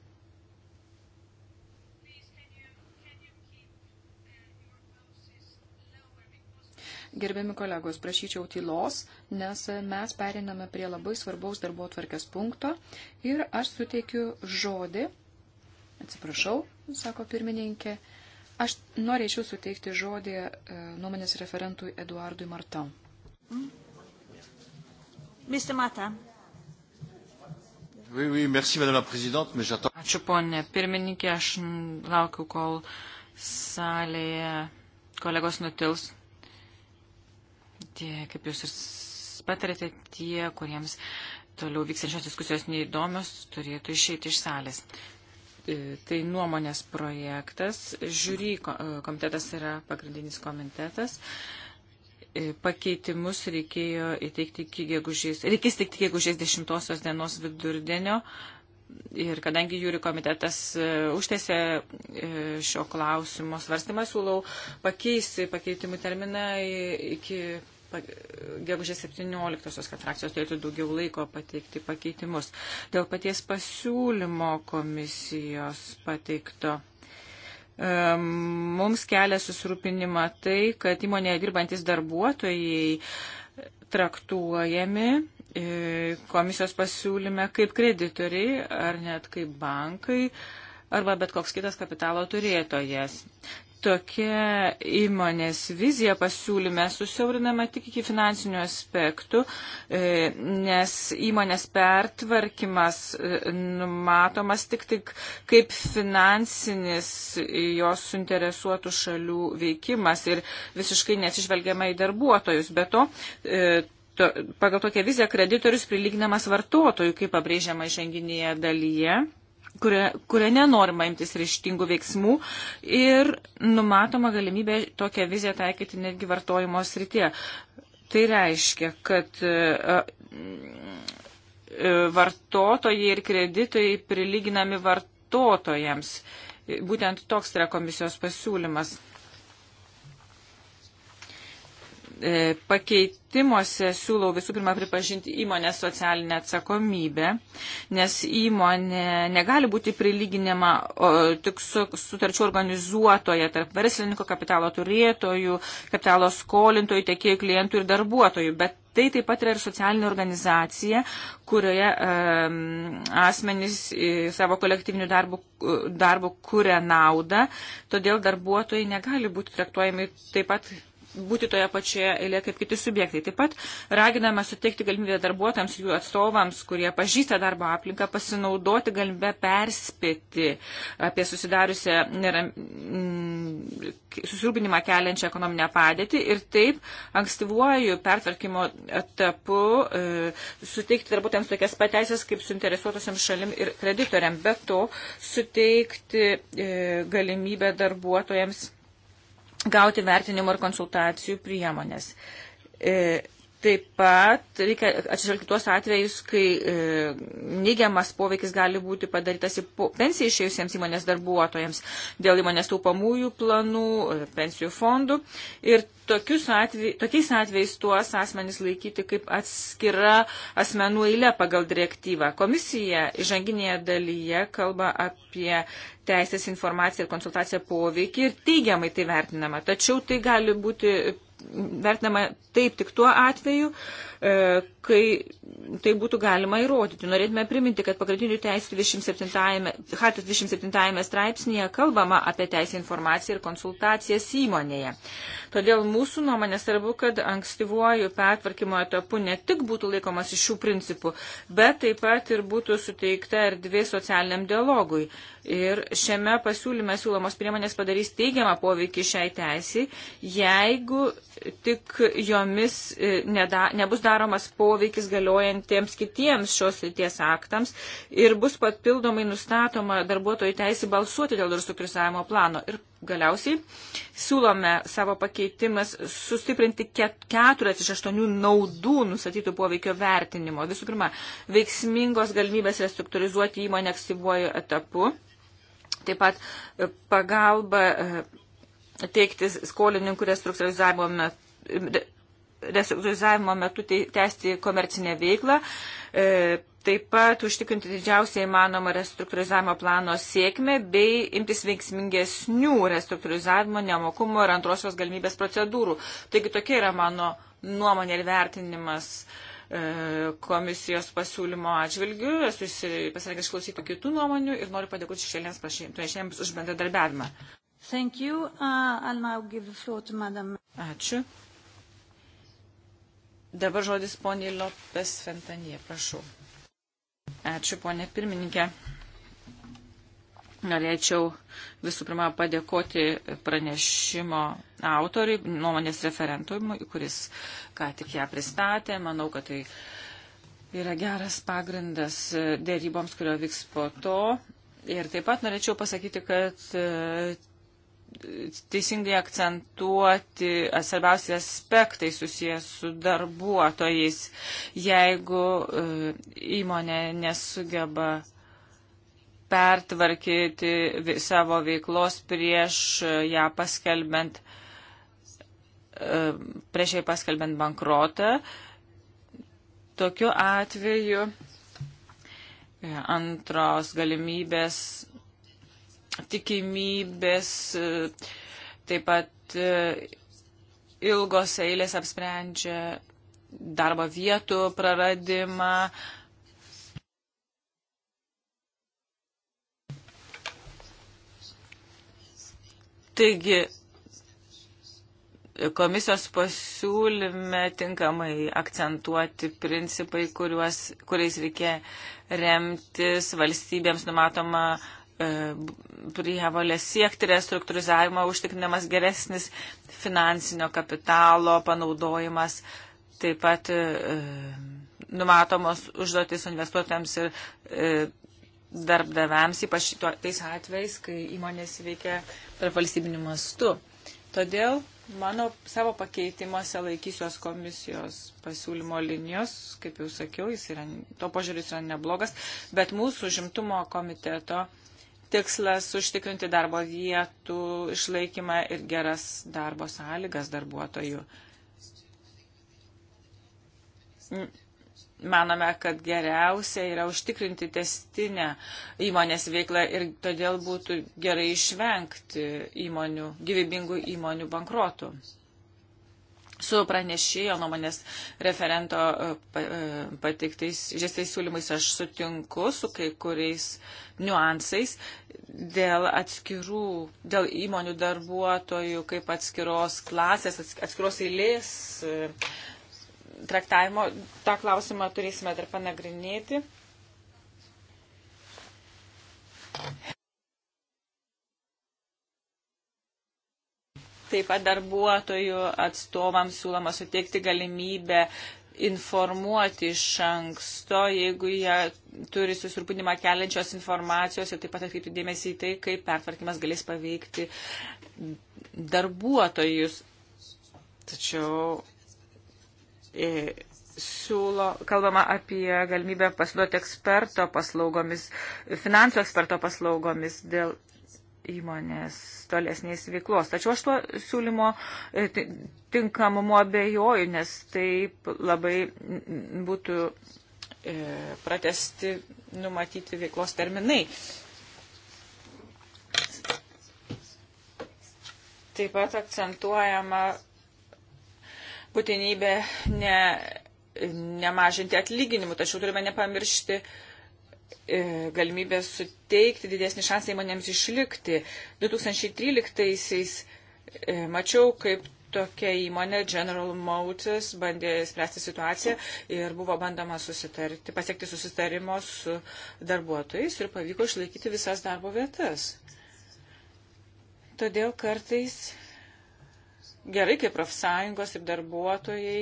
Gerbiami kolegos, prašyčiau tylos, nes mes periname prie labai svarbaus darbo tvarkės punkto ir aš suteikiu žodį, atsiprašau, sako pirmininkė, aš norėčiau suteikti žodį e, nuomonės referentui Eduardui Martam. Mr. Martin. Oui, oui, merci, Madame la Présidente, mais j'attends. Ačiū, ponė pirmininkė, aš laukiu, kol salėje kolegos nutils tie, kaip jūs ir patarėte, tie, kuriems toliau vyksančios diskusijos neįdomios, turėtų išeiti iš salės. E, tai nuomonės projektas. Žiūry e, komitetas yra pagrindinis komitetas. E, pakeitimus reikėjo įteikti iki gegužės, reikės teikti gegužės 10 dienos vidurdienio. Ir kadangi jūri komitetas užtėsė šio klausimo svarstymą, siūlau pakeisti pakeitimų terminą iki gegužės 17-osios, kad frakcijos turėtų daugiau laiko pateikti pakeitimus. Dėl paties pasiūlymo komisijos pateikto. E, mums kelia susirūpinimą tai, kad įmonėje dirbantis darbuotojai traktuojami e, komisijos pasiūlyme kaip kreditoriai ar net kaip bankai arba bet koks kitas kapitalo turėtojas tokia įmonės vizija pasiūlyme susiaurinama tik iki finansinių aspektų, e, nes įmonės pertvarkimas e, numatomas tik, tik kaip finansinis jos suinteresuotų šalių veikimas ir visiškai nesižvelgiama į darbuotojus. Be to, e, to, pagal tokią viziją kreditorius prilyginamas vartotojų, kaip pabrėžiama išanginėje dalyje kuria, kuria nenorima imtis ryštingų veiksmų ir numatoma galimybė tokią viziją taikyti netgi vartojimo srityje. Tai reiškia, kad e, e, vartotojai ir kreditojai prilyginami vartotojams. Būtent toks yra komisijos pasiūlymas. E, pakeitimuose siūlau visų pirma pripažinti įmonės socialinę atsakomybę, nes įmonė negali būti prilyginama o, tik su, sutarčių organizuotoje tarp verslininko, kapitalo turėtojų, kapitalo skolintojų, tiekėjų klientų ir darbuotojų, bet tai taip pat yra ir socialinė organizacija, kurioje um, asmenys savo kolektyviniu darbu, darbu kuria naudą, todėl darbuotojai negali būti traktuojami taip pat būti toje pačioje eilėje kaip kiti subjektai. Taip pat raginama suteikti galimybę darbuotojams ir jų atstovams, kurie pažįsta darbo aplinką, pasinaudoti galimybę perspėti apie susidariusią neram, mm, susirūpinimą keliančią ekonominę padėtį ir taip ankstyvuoju pertvarkymo etapu e, suteikti darbuotojams tokias pateisės kaip suinteresuotosiam šalim ir kreditoriam. Be to, suteikti e, galimybę darbuotojams gauti vertinimo ir konsultacijų priemonės. E, Taip pat reikia atsižvelgti tuos atvejus, kai e, neigiamas poveikis gali būti padarytas į po, pensiją išėjusiems įmonės darbuotojams dėl įmonės taupamųjų planų, e, pensijų fondų. Ir atvej, tokiais atvejais tuos asmenys laikyti kaip atskira asmenų eilė pagal direktyvą. Komisija įžanginėje dalyje kalba apie teisės informaciją ir konsultaciją poveikį ir teigiamai tai vertinama. Tačiau tai gali būti vertinama taip tik tuo atveju, e, kai tai būtų galima įrodyti. Norėtume priminti, kad pagrindinių teisų 27, hartos 27 straipsnėje kalbama apie teisę informaciją ir konsultacijas įmonėje. Todėl mūsų nuomonė svarbu, kad ankstyvuoju pertvarkymo etapu ne tik būtų laikomas iš šių principų, bet taip pat ir būtų suteikta erdvė socialiniam dialogui. Ir šiame pasiūlyme siūlomos priemonės padarys teigiamą poveikį šiai teisiai, jeigu tik jomis e, neda, nebus daromas poveikis galiojantiems kitiems šios ryties aktams ir bus papildomai nustatoma darbuotojų teisė balsuoti dėl restruktūrizavimo plano. Ir galiausiai siūlome savo pakeitimas sustiprinti keturias iš aštuonių naudų nustatytų poveikio vertinimo. Visų pirma, veiksmingos galimybės restruktūrizuoti įmonę aktyvuoju etapu. Taip pat e, pagalba e, teikti skolininkų restruktūrizavimo metu restruktūrizavimo metu tęsti komercinę veiklą, e, taip pat užtikrinti didžiausią įmanomą restruktūrizavimo plano sėkmę bei imtis veiksmingesnių restruktūrizavimo, nemokumo ir antrosios galimybės procedūrų. Taigi tokia yra mano nuomonė ir vertinimas e, komisijos pasiūlymo atžvilgių. Esu pasirengęs klausyti kitų nuomonių ir noriu padėkoti šešėlėms pranešėjams už bendradarbiavimą. Thank you. Uh, I'll now give the floor to Madam. Ačiū. Dabar žodis poniai Lopes Fentanie, prašau. Ačiū, ponė pirmininkė. Norėčiau visų pirma padėkoti pranešimo autoriui, nuomonės referentumui, kuris ką tik ją pristatė. Manau, kad tai yra geras pagrindas dėryboms, kurio vyks po to. Ir taip pat norėčiau pasakyti, kad teisingai akcentuoti svarbiausi aspektai susijęs su darbuotojais, jeigu e, įmonė nesugeba pertvarkyti savo veiklos prieš e, ją paskelbent, e, prieš jai paskelbent bankrotą. Tokiu atveju antros galimybės tikimybės, e, taip pat e, ilgos eilės apsprendžia darbo vietų praradimą. Taigi, komisijos pasiūlyme tinkamai akcentuoti principai, kuriuos, kuriais reikia remtis valstybėms numatoma uh, E, prievalė siekti restruktūrizavimo užtikrinamas geresnis finansinio kapitalo panaudojimas, taip pat e, numatomos užduotis investuotojams ir e, darbdaviams, ypač tais atvejais, kai įmonės veikia tarp valstybinių mastų. Todėl mano savo pakeitimuose laikysiuos komisijos pasiūlymo linijos, kaip jau sakiau, jis yra, to požiūris yra neblogas, bet mūsų žimtumo komiteto uh, Tikslas užtikrinti darbo vietų išlaikymą ir geras darbo sąlygas darbuotojų. Manome, kad geriausia yra užtikrinti testinę įmonės veiklą ir todėl būtų gerai išvengti įmonių, gyvybingų įmonių bankruotų su pranešėjo nuomonės referento e, e, patiktais žestais siūlymais aš sutinku su kai kuriais niuansais dėl atskirų, dėl įmonių darbuotojų kaip atskiros klasės, atskiros eilės e, traktavimo. Tą klausimą turėsime dar panagrinėti. Taip pat darbuotojų atstovams siūloma suteikti galimybę informuoti iš anksto, jeigu jie turi susirūpinimą keliančios informacijos ir taip pat atkreipti dėmesį į tai, kaip pertvarkymas galės paveikti darbuotojus. Tačiau e, siūlo, kalbama apie galimybę pasiduoti eksperto paslaugomis, finansų eksperto paslaugomis dėl įmonės tolesnės veiklos. Tačiau aš tuo siūlymo e, tinkamumu abejoju, nes taip labai būtų e, pratesti numatyti veiklos terminai. Taip pat akcentuojama būtinybė ne, nemažinti atlyginimų, tačiau turime nepamiršti uh, E, galimybės suteikti didesnį šansą įmonėms išlikti. 2013-aisiais e, mačiau, kaip tokia įmonė General Motors bandė spręsti situaciją ir buvo bandoma susitarti, pasiekti susitarimo su darbuotojais ir pavyko išlaikyti visas darbo vietas. Todėl kartais gerai, kai profsąjungos ir darbuotojai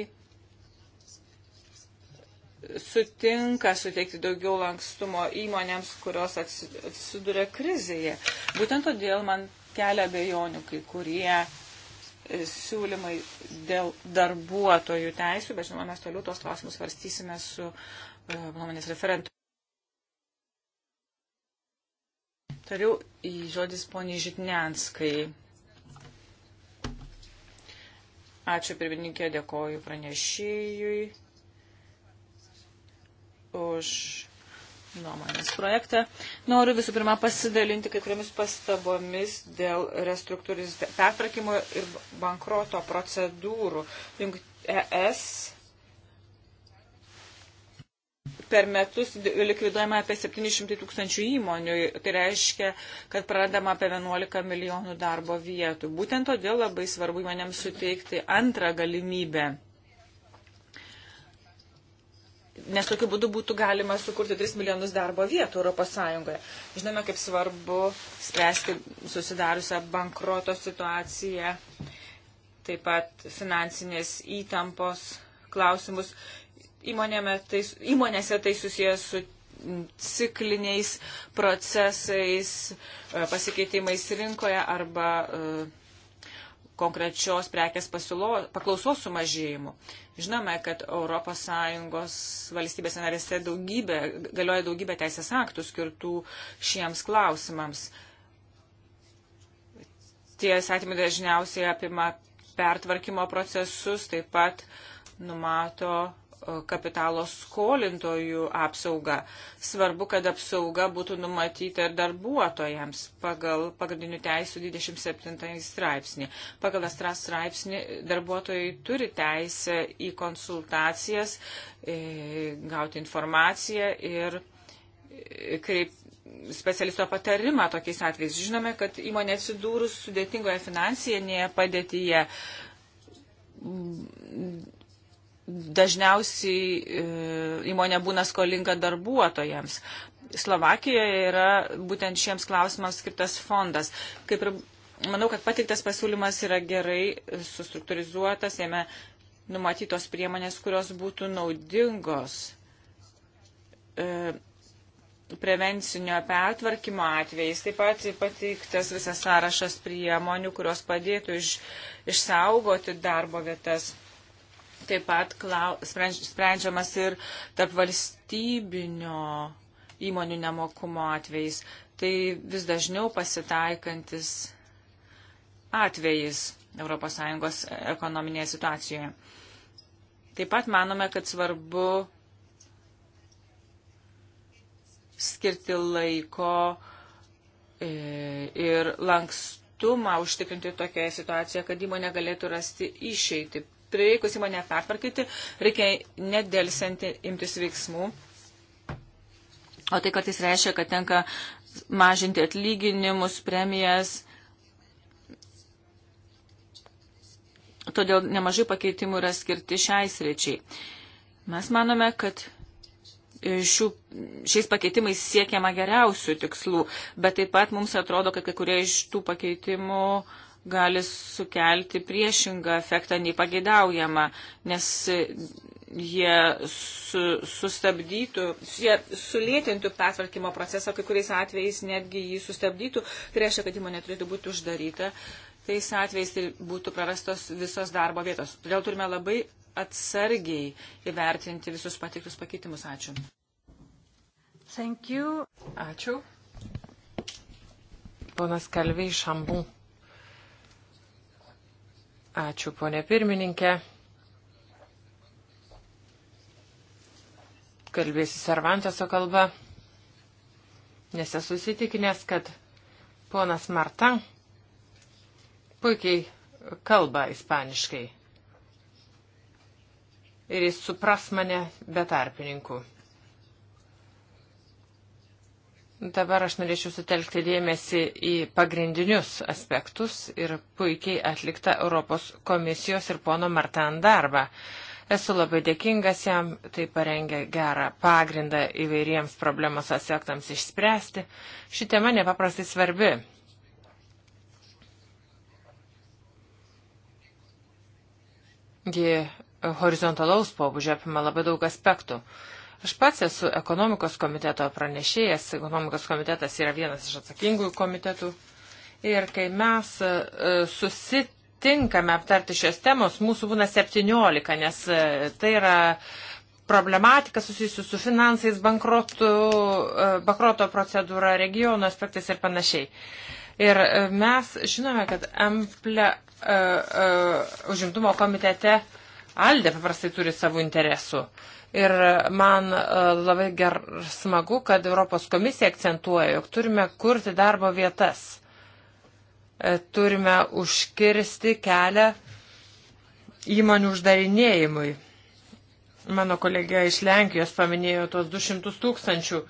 sutinka suteikti daugiau lankstumo įmonėms, kurios atsiduria krizėje. Būtent todėl man kelia bejonių kai kurie e, siūlymai dėl darbuotojų teisų, bet žinoma, mes toliau tos klausimus varstysime su e, nuomonės referentu. Tariau į žodis poniai Žitnenskai. Ačiū pirmininkė, dėkoju pranešėjui už nuomonės projektą. Noriu visų pirma pasidalinti kai kuriomis pastabomis dėl restruktūriz pertrakimo ir bankroto procedūrų. Jung ES per metus likviduojama apie 700 tūkstančių įmonių. Tai reiškia, kad prarandama apie 11 milijonų darbo vietų. Būtent todėl labai svarbu įmonėms suteikti antrą galimybę nes tokiu būdu būtų galima sukurti 3 milijonus darbo vietų ES. Žinome, kaip svarbu spręsti susidariusią bankroto situaciją, taip pat finansinės įtampos klausimus. Tai, įmonėse tai susijęs su cikliniais procesais, e, pasikeitimais rinkoje arba uh, konkrečios prekės pasiūlo, paklausos sumažėjimu. Žinome, kad ES valstybėse narėse daugybė, galioja daugybė teisės aktų skirtų šiems klausimams. Tie įstatymai dažniausiai apima pertvarkymo procesus, taip pat numato kapitalo skolintojų apsaugą. Svarbu, kad apsauga būtų numatyta ir darbuotojams pagal pagrindinių teisų 27 straipsnį. Pagal astras straipsnį darbuotojai turi teisę į konsultacijas, e, gauti informaciją ir e, kreip, specialisto patarimą tokiais atvejais. Žinome, kad įmonė atsidūrus sudėtingoje finansinėje padėtyje dažniausiai e, įmonė būna skolinga darbuotojams. Slovakijoje yra būtent šiems klausimams skirtas fondas. Kaip ir manau, kad patiktas pasiūlymas yra gerai sustruktūrizuotas, jame numatytos priemonės, kurios būtų naudingos e, prevencinio pertvarkymo atvejais. Taip pat pateiktas visas sąrašas priemonių, kurios padėtų iš, išsaugoti darbo vietas Taip pat klau, sprendžiamas ir tarp valstybinio įmonių nemokumo atvejais. Tai vis dažniau pasitaikantis atvejais ES ekonominėje situacijoje. Taip pat manome, kad svarbu skirti laiko e, ir lankstumą užtikrinti tokią situaciją, kad įmonė galėtų rasti išeiti prireikus įmonę pertvarkyti, reikia nedėlsianti imtis veiksmų. O tai kartais reiškia, kad tenka mažinti atlyginimus, premijas. Todėl nemažai pakeitimų yra skirti šiai sričiai. Mes manome, kad šių, šiais pakeitimais siekiama geriausių tikslų, bet taip pat mums atrodo, kad kai kurie iš tų pakeitimų uh, gali sukelti priešingą efektą nei pageidaujama, nes jie su, sustabdytų, jie sulėtintų pertvarkymo procesą, kai kuriais atvejais netgi jį sustabdytų, tai reiškia, kad įmonė turėtų būti uždaryta, tais atvejais tai būtų prarastos visos darbo vietos. Todėl turime labai atsargiai įvertinti visus patiktus pakeitimus. Ačiū. Thank you. Ačiū. Ponas Kalviai Šambu. Ačiū, ponė pirmininkė. Kalbėsiu Servanteso kalba, nes esu įsitikinęs, kad ponas Martin puikiai kalba ispaniškai. Ir jis supras mane be tarpininkų. Dabar aš norėčiau sutelkti dėmesį į pagrindinius aspektus ir puikiai atliktą Europos komisijos ir pono Martan darbą. Esu labai dėkingas jam, tai parengė gerą pagrindą įvairiems problemos aspektams išspręsti. Ši tema nepaprastai svarbi. Ji horizontalaus pobūdžio apima labai daug aspektų. Aš pats esu ekonomikos komiteto pranešėjas, ekonomikos komitetas yra vienas iš atsakingųjų komitetų. Ir kai mes e, susitinkame aptarti šios temos, mūsų būna 17, nes e, tai yra problematika susijusi su finansais, bankrotu, e, bankroto procedūra, regionų aspektais ir panašiai. Ir mes žinome, kad Ample uh, uh, užimtumo komitete Aldė paprastai turi savo interesų. Uh, Ir man e, labai ger smagu, kad Europos komisija akcentuoja, jog turime kurti darbo vietas. E, turime užkirsti kelią įmonių uždarinėjimui. Mano kolegė iš Lenkijos paminėjo tos 200 tūkstančių.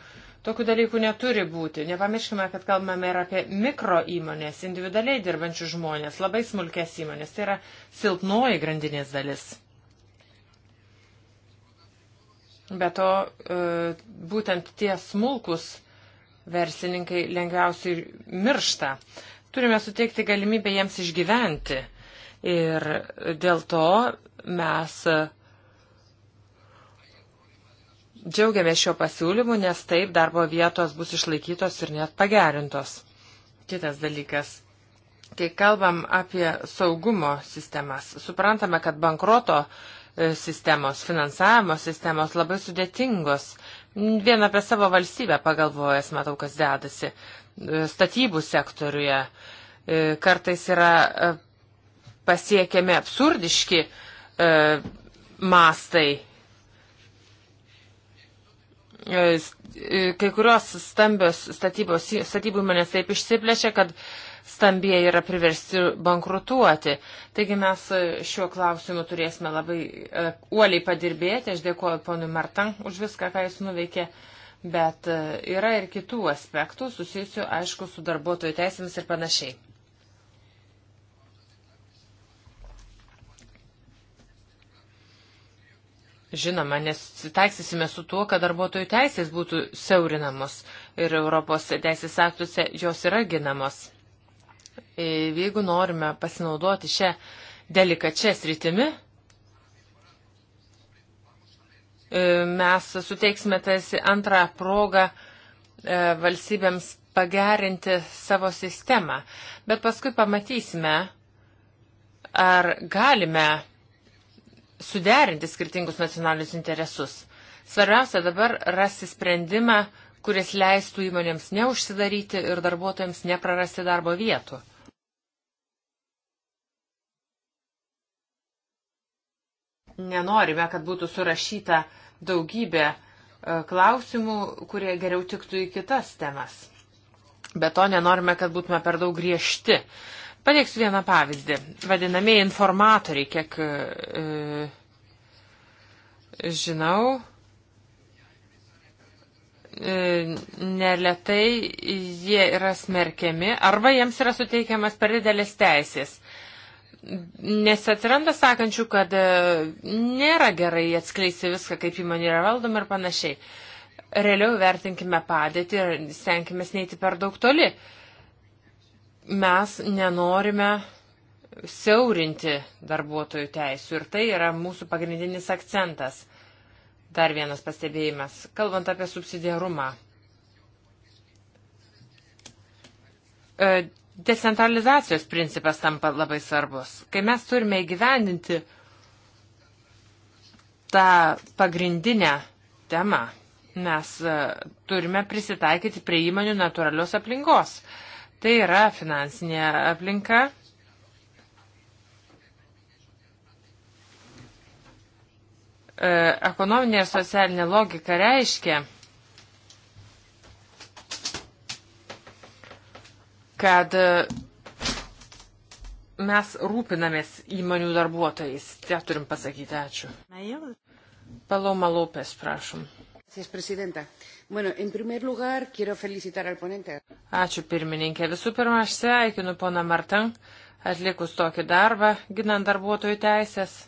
Tokių dalykų neturi būti. Nepamirškime, kad kalbame ir apie mikro įmonės, individualiai dirbančių žmonės, labai smulkės įmonės. Tai yra silpnoji grandinės dalis. Be to, e, būtent tie smulkus verslininkai lengviausiai miršta. Turime suteikti galimybę jiems išgyventi. Ir dėl to mes e, džiaugiamės šio pasiūlymu, nes taip darbo vietos bus išlaikytos ir net pagerintos. Kitas dalykas. Kai kalbam apie saugumo sistemas, suprantame, kad bankroto uh, E, sistemos, finansavimo sistemos labai sudėtingos. Vien apie savo valstybę pagalvojęs matau, kas dedasi. E, statybų sektoriuje e, kartais yra pasiekiami absurdiški mastai. Kai kurios stambios statybos, statybų manęs taip išsiplešia, kad uh, stambieji yra priversti bankrutuoti. Taigi mes šiuo klausimu turėsime labai e, uoliai padirbėti. Aš dėkuoju ponui Martan už viską, ką jis nuveikė. Bet e, yra ir kitų aspektų susijusių, aišku, su darbuotojų teisėmis ir panašiai. Žinoma, nesitaiksime su tuo, kad darbuotojų teisės būtų siaurinamos ir Europos teisės aktuose jos yra ginamos. E, jeigu norime pasinaudoti šią delikačią sritimi, e, mes suteiksime tarsi antrą progą e, valstybėms pagerinti savo sistemą. Bet paskui pamatysime, ar galime suderinti skirtingus nacionalinius interesus. Svarbiausia dabar rasti sprendimą, kuris leistų įmonėms neužsidaryti ir darbuotojams neprarasti darbo vietų. Nenorime, kad būtų surašyta daugybė e, klausimų, kurie geriau tiktų į kitas temas. Be to nenorime, kad būtume per daug griežti. Pateiksiu vieną pavyzdį. Vadinamieji informatoriai, kiek e, žinau, E, neletai jie yra smerkiami arba jiems yra suteikiamas per didelis teisės. Nes atsiranda sakančių, kad e, nėra gerai atskleisti viską, kaip įmonė yra valdoma ir panašiai. Realiau vertinkime padėtį ir stenkime neiti per daug toli. Mes nenorime siaurinti darbuotojų teisų ir tai yra mūsų pagrindinis akcentas. Dar vienas pastebėjimas. Kalbant apie subsidiarumą. E, decentralizacijos principas tampa labai svarbus. Kai mes turime įgyvendinti tą pagrindinę temą, mes e, turime prisitaikyti prie įmonių natūralios aplinkos. Tai yra finansinė aplinka, E, ekonominė ir socialinė logika reiškia, kad e, mes rūpinamės įmonių darbuotojais. Te turim pasakyti ačiū. Paloma Lopes, prašom. Ačiū pirmininkė. Visų pirma, aš sveikinu poną Martin atlikus tokį darbą, ginant darbuotojų teisės.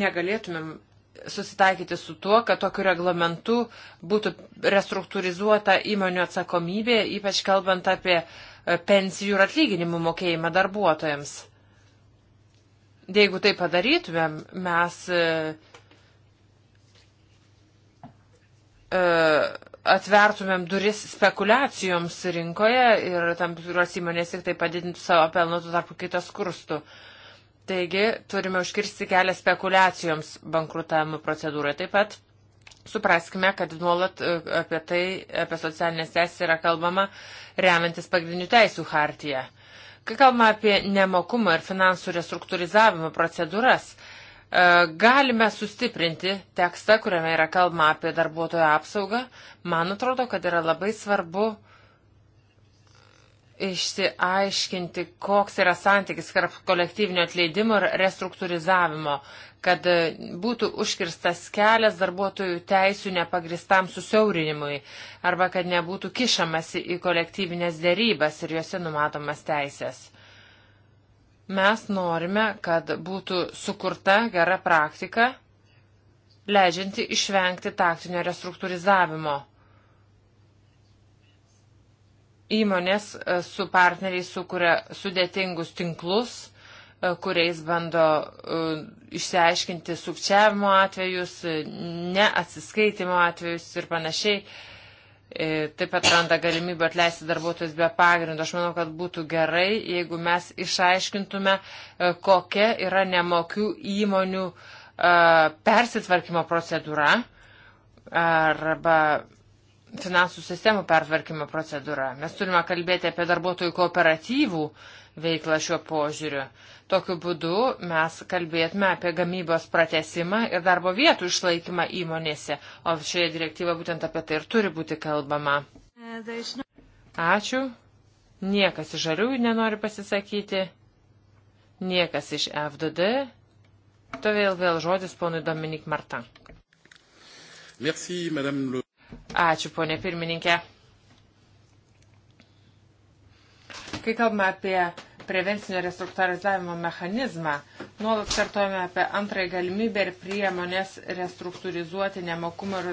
negalėtumėm susitaikyti su tuo, kad tokiu reglamentu būtų restruktūrizuota įmonių atsakomybė, ypač kalbant apie e, pensijų ir atlyginimų mokėjimą darbuotojams. Jeigu tai padarytumėm, mes e, e, atvertumėm duris spekulacijoms rinkoje ir tam tikros įmonės tik tai padidintų savo pelną, tuo tarpu kitos kurstų. Uh, Taigi turime užkirsti kelią spekulacijoms bankrutavimo procedūrai. Taip pat supraskime, kad nuolat e, apie tai, apie socialinės teisės yra kalbama remiantis pagrindinių teisų hartiją. Kai kalbame apie nemokumą ir finansų restruktūrizavimo procedūras, e, galime sustiprinti tekstą, kuriame yra kalbama apie darbuotojo apsaugą. Man atrodo, kad yra labai svarbu uh, išsiaiškinti, koks yra santykis tarp kolektyvinio atleidimo ir restruktūrizavimo, kad e, būtų užkirstas kelias darbuotojų teisų nepagristam susiaurinimui arba kad nebūtų kišamasi į kolektyvinės dėrybas ir juose numatomas teisės. Mes norime, kad būtų sukurta gera praktika, leidžianti išvengti taktinio restruktūrizavimo Įmonės e, su partneriais sukuria sudėtingus tinklus, e, kuriais bando e, išsiaiškinti sukčiavimo atvejus, neatsiskaitimo atvejus ir panašiai taip pat randa galimybę atleisti darbuotojus be pagrindo. Aš manau, kad būtų gerai, jeigu mes išaiškintume, kokia yra nemokių įmonių persitvarkymo procedūra arba finansų sistemų pertvarkymo procedūra. Mes turime kalbėti apie darbuotojų kooperatyvų veiklą šiuo požiūriu. Tokiu būdu mes kalbėtume apie gamybos pratesimą ir darbo vietų išlaikymą įmonėse, o šioje direktyvoje būtent apie tai ir turi būti kalbama. Ačiū. Niekas iš žaliųjų nenori pasisakyti. Niekas iš FDD. Todėl vėl žodis ponui Dominik Marta. Merci, madame le Ačiū, ponė pirmininkė. Kai kalbame apie prevencinio restruktūrizavimo mechanizmą, nuolat kartuojame apie antrąją galimybę ir priemonės restruktūrizuoti nemokumo ir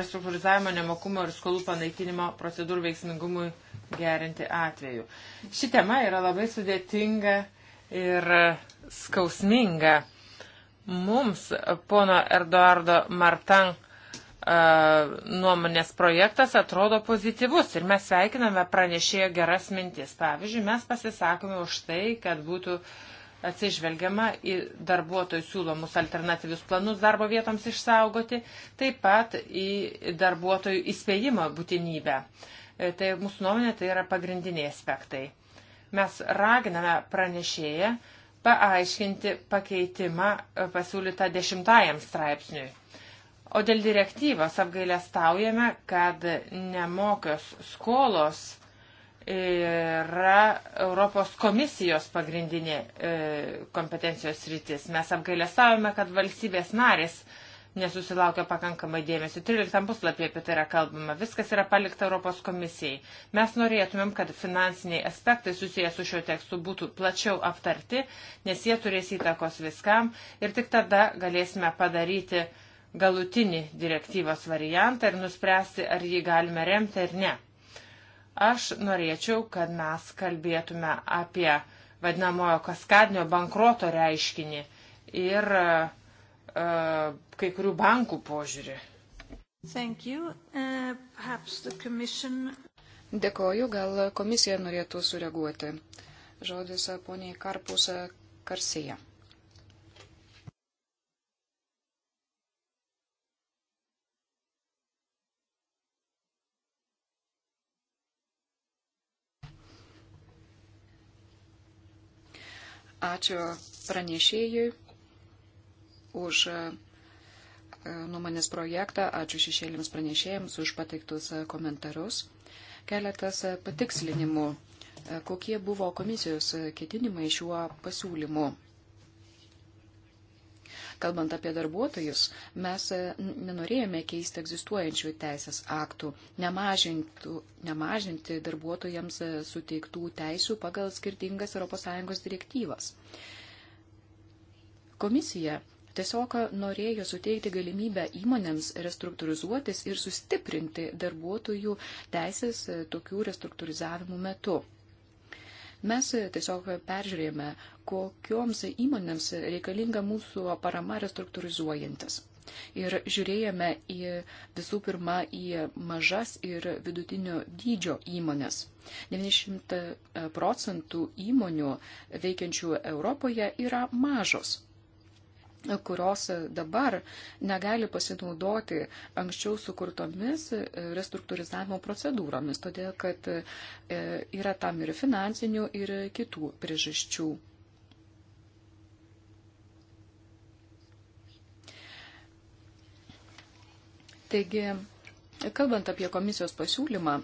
restruktūrizavimo nemokumo ir skolų panaikinimo procedūrų veiksmingumui gerinti atveju. Ši tema yra labai sudėtinga ir skausminga. Mums, pono Eduardo Martan, nuomonės projektas atrodo pozityvus ir mes sveikiname pranešėjo geras mintis. Pavyzdžiui, mes pasisakome už tai, kad būtų atsižvelgiama į darbuotojų siūlomus alternatyvius planus darbo vietoms išsaugoti, taip pat į darbuotojų įspėjimo būtinybę. E, tai mūsų nuomonė tai yra pagrindiniai aspektai. Mes raginame pranešėją paaiškinti pakeitimą e, pasiūlytą dešimtajam straipsniui O dėl direktyvos apgailestaujame, kad nemokios skolos yra Europos komisijos pagrindinė e, kompetencijos rytis. Mes apgailestaujame, kad valstybės narės nesusilaukia pakankamai dėmesio. 13 puslapyje apie tai yra kalbama. Viskas yra palikta Europos komisijai. Mes norėtumėm, kad finansiniai aspektai susijęs su šiuo tekstu būtų plačiau aptarti, nes jie turės įtakos viskam ir tik tada galėsime padaryti uh, galutinį direktyvos variantą ir nuspręsti, ar jį galime remti ar ne. Aš norėčiau, kad mes kalbėtume apie vadinamojo kaskadinio bankroto reiškinį ir uh, kai kurių bankų požiūrį. Uh, commission... Dėkoju, gal komisija norėtų sureaguoti. Žodis poniai Karpusa Karsija. Ačiū pranešėjui už e, nuomonės projektą, ačiū šešėlėms pranešėjams už pateiktus e, komentarus. Keletas e, patikslinimų, kokie buvo komisijos ketinimai šiuo pasiūlymu. Kalbant apie darbuotojus, mes e, nenorėjome keisti egzistuojančių teisės aktų, nemažinti darbuotojams e, suteiktų teisų pagal skirtingas ES direktyvas. Komisija tiesiog norėjo suteikti galimybę įmonėms restruktūrizuotis ir sustiprinti darbuotojų teisės e, tokių restruktūrizavimų metu. Mes tiesiog peržiūrėjome, kokioms įmonėms reikalinga mūsų parama restruktūrizuojantis. Ir žiūrėjome į visų pirma į mažas ir vidutinio dydžio įmonės. 90 procentų įmonių veikiančių Europoje yra mažos kurios dabar negali pasinaudoti anksčiau sukurtomis restruktūrizavimo procedūromis, todėl kad e, yra tam ir finansinių, ir kitų priežasčių. Taigi, kalbant apie komisijos pasiūlymą,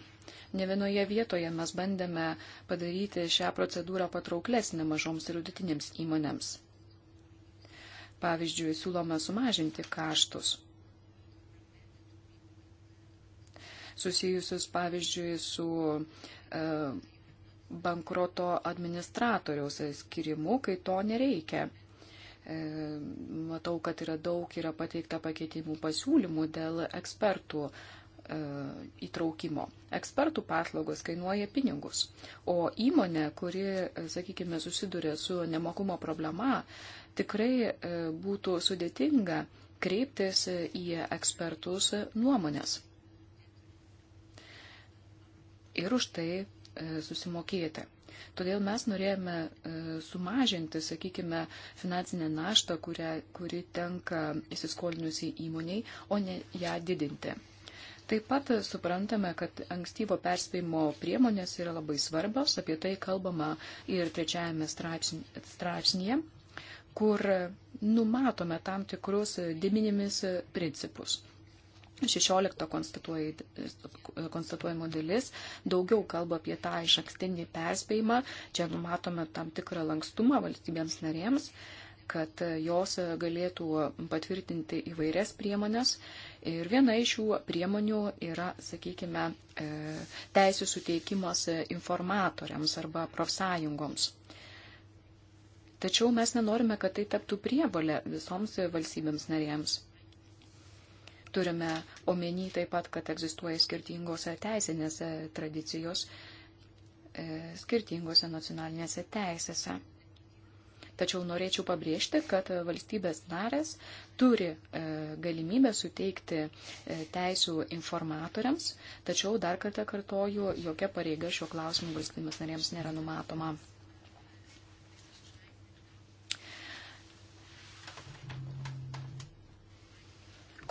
Ne vienoje vietoje mes bandėme padaryti šią procedūrą patrauklesnę mažoms ir vidutinėms įmonėms. Pavyzdžiui, siūloma sumažinti kaštus susijusius, pavyzdžiui, su e, bankroto administratoriaus skirimu, kai to nereikia. E, matau, kad yra daug, yra pateikta pakeitimų pasiūlymų dėl ekspertų E, įtraukimo. Ekspertų paslaugos kainuoja pinigus, o įmonė, kuri, e, sakykime, susiduria su nemokumo problema, tikrai e, būtų sudėtinga kreiptis į ekspertus nuomonės. Ir už tai susimokėti. Todėl mes norėjome sumažinti, sakykime, finansinę naštą, kurią, kuri tenka įsiskolinusiai įmoniai, o ne ją didinti. Taip pat suprantame, kad ankstyvo perspėjimo priemonės yra labai svarbios, apie tai kalbama ir trečiajame straipsnėje, kur numatome tam tikrus diminimis principus. 16 konstatuojimo dalis daugiau kalba apie tą iš akstinį perspėjimą. Čia numatome tam tikrą lankstumą valstybėms narėms, kad jos galėtų patvirtinti įvairias priemonės Ir viena iš šių priemonių yra, sakykime, e, teisų suteikimas informatoriams arba profsąjungoms. Tačiau mes nenorime, kad tai taptų prievalė visoms valstybėms narėms. Turime omeny taip pat, kad egzistuoja skirtingos teisinės tradicijos e, skirtingose nacionalinėse teisėse. Tačiau norėčiau pabrėžti, kad valstybės narės turi e, galimybę suteikti e, teisų informatoriams, tačiau dar kartą kartoju, jokia pareiga šiuo klausimu valstybės narėms nėra numatoma.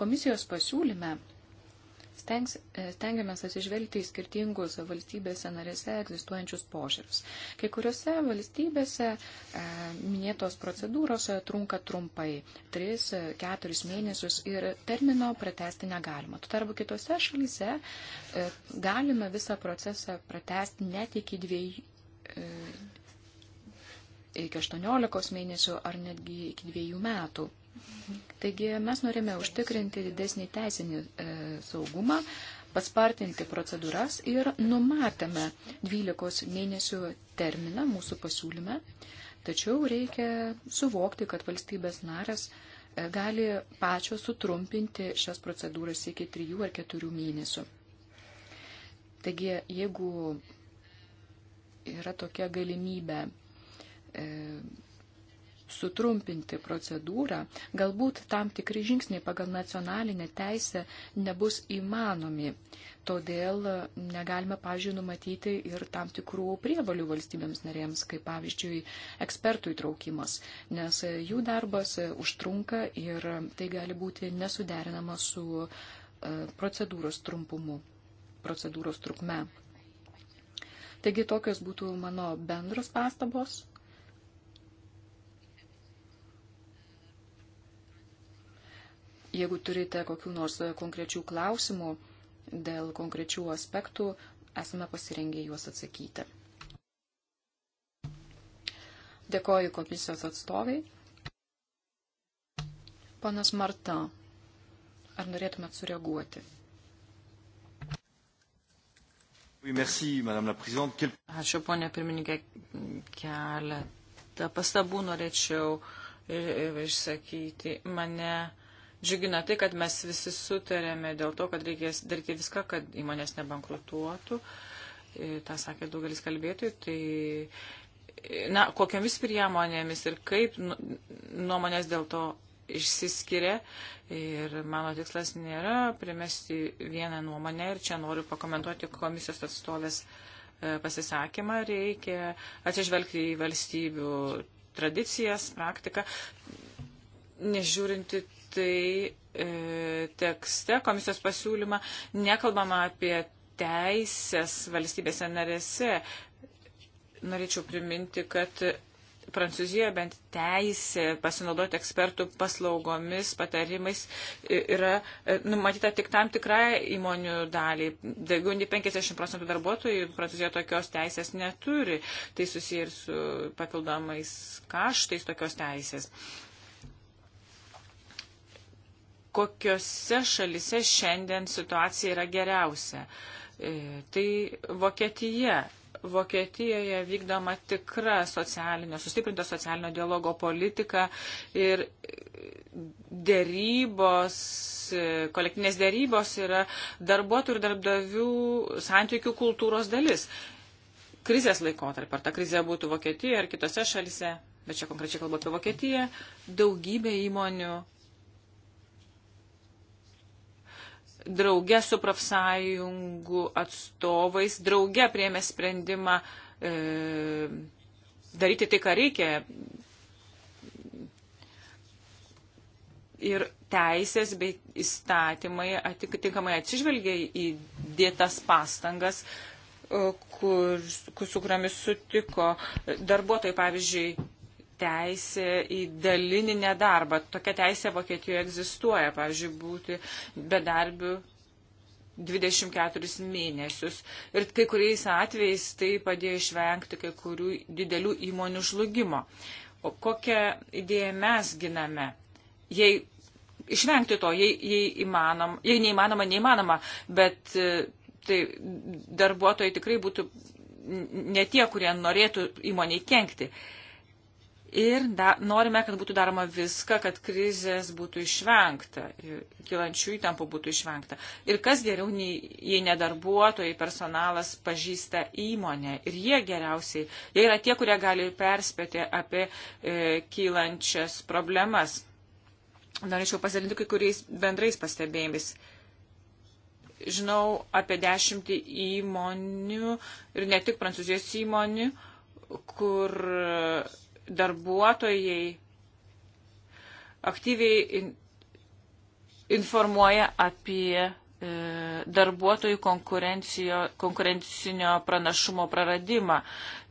Komisijos pasiūlyme stengs, e, stengiamės atsižvelgti į skirtingus valstybėse narėse egzistuojančius požiūrius. Kai kuriuose valstybėse e, minėtos procedūros e, trunka trumpai - 3-4 mėnesius ir termino pratesti negalima. Tuo tarpu kitose šalyse galime visą procesą pratesti net iki dviejų iki 18 mėnesių ar netgi iki 2 metų. Taigi mes norime užtikrinti didesnį teisinį e, saugumą, paspartinti procedūras ir numatėme 12 mėnesių terminą mūsų pasiūlyme, tačiau reikia suvokti, kad valstybės narės e, gali pačios sutrumpinti šias procedūras iki 3 ar 4 mėnesių. Taigi, jeigu yra tokia galimybė e, sutrumpinti procedūrą, galbūt tam tikri žingsniai pagal nacionalinę teisę nebus įmanomi. Todėl negalime, pavyzdžiui, numatyti ir tam tikrų prievalių valstybėms narėms, kaip pavyzdžiui, ekspertų įtraukimas, nes jų darbas užtrunka ir tai gali būti nesuderinama su e, procedūros trumpumu, procedūros trukme. Taigi tokios būtų mano bendros pastabos Jeigu turite kokiu nors e, konkrečių klausimų dėl konkrečių aspektų, esame pasirengę juos atsakyti. Dėkoju komisijos atstovai. Panas Marta, ar norėtumėt sureaguoti? Ačiū, ponė pirmininkė, keletą pastabų norėčiau išsakyti. Mane Džiugina tai, kad mes visi sutarėme dėl to, kad reikės daryti viską, kad įmonės nebankrutuotų. E, Ta sakė daugelis kalbėtojų. Tai, e, na, kokiamis priemonėmis ir kaip nu, nuomonės dėl to išsiskiria. Ir mano tikslas nėra primesti vieną nuomonę. Ir čia noriu pakomentuoti komisijos atstovės e, pasisakymą. Reikia atsižvelgti į valstybių tradicijas, praktiką, nežiūrinti tai e, tekste komisijos pasiūlymą nekalbama apie teisės valstybėse narėse. Norėčiau priminti, kad Prancūzijoje bent teisė pasinaudoti ekspertų paslaugomis, patarimais yra e, numatyta tik tam tikrai įmonių daliai. Daugiau nei 50 procentų darbuotojų Prancūzijoje tokios teisės neturi. Tai susiję ir su papildomais kaštais tokios teisės. Uh, kokiose šalise šiandien situacija yra geriausia. E, tai Vokietija. Vokietijoje vykdoma tikra socialinio, sustiprinto socialinio dialogo politika ir dėrybos, e, kolektinės dėrybos yra darbuotojų ir darbdavių santykių kultūros dalis. Krizės laikotarp, ar ta krizė būtų Vokietijoje ar kitose šalise, bet čia konkrečiai kalbu apie Vokietiją, daugybė įmonių drauge su profsąjungų atstovais, drauge prieėmė sprendimą e, daryti tai, ką reikia. Ir teisės bei įstatymai atitinkamai atsižvelgia į dėtas pastangas, kur, e, kur, su kuriamis sutiko darbuotojai, pavyzdžiui, teisė į dalinį nedarbą. Tokia teisė Vokietijoje egzistuoja, pavyzdžiui, būti bedarbiu 24 mėnesius. Ir kai kuriais atvejais tai padėjo išvengti kai kurių didelių įmonių žlugimo. O kokią idėją mes giname? Jei išvengti to, jei, jei, įmanom, jei neįmanoma, neįmanoma, bet e, tai darbuotojai tikrai būtų ne tie, kurie norėtų įmoniai kenkti. Uh, ir da, norime, kad būtų daroma viską, kad krizės būtų išvengta, kilančių įtampų būtų išvengta. Ir kas geriau, nei, jei ne darbuotojai, personalas pažįsta įmonę. Ir jie geriausiai, jie yra tie, kurie gali perspėti apie e, kylančias problemas. Norėčiau pasidalinti kai kuriais bendrais pastebėjimais. Žinau apie dešimtį įmonių ir ne tik prancūzijos įmonių, kur e, darbuotojai aktyviai in, informuoja apie e, darbuotojų konkurencinio pranašumo praradimą.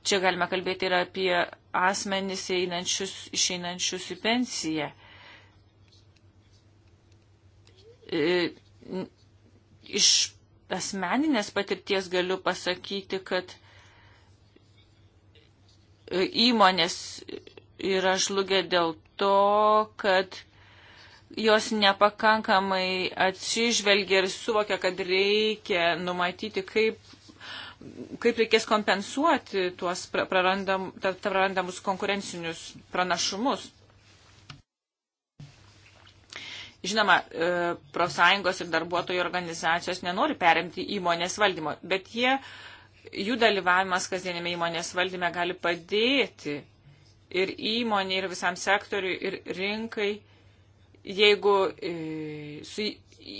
Čia galime kalbėti ir apie asmenys einančius, išeinančius į pensiją. E, iš asmeninės patirties galiu pasakyti, kad įmonės yra žlugę dėl to, kad jos nepakankamai atsižvelgia ir suvokia, kad reikia numatyti, kaip, kaip reikės kompensuoti tuos prarandam, prarandamus konkurencinius pranašumus. Žinoma, e, profsąjungos ir darbuotojų organizacijos nenori perimti įmonės valdymo, bet jie uh, jų dalyvavimas kasdienėme įmonės valdyme gali padėti ir įmonė, ir visam sektoriui, ir rinkai, jeigu e, su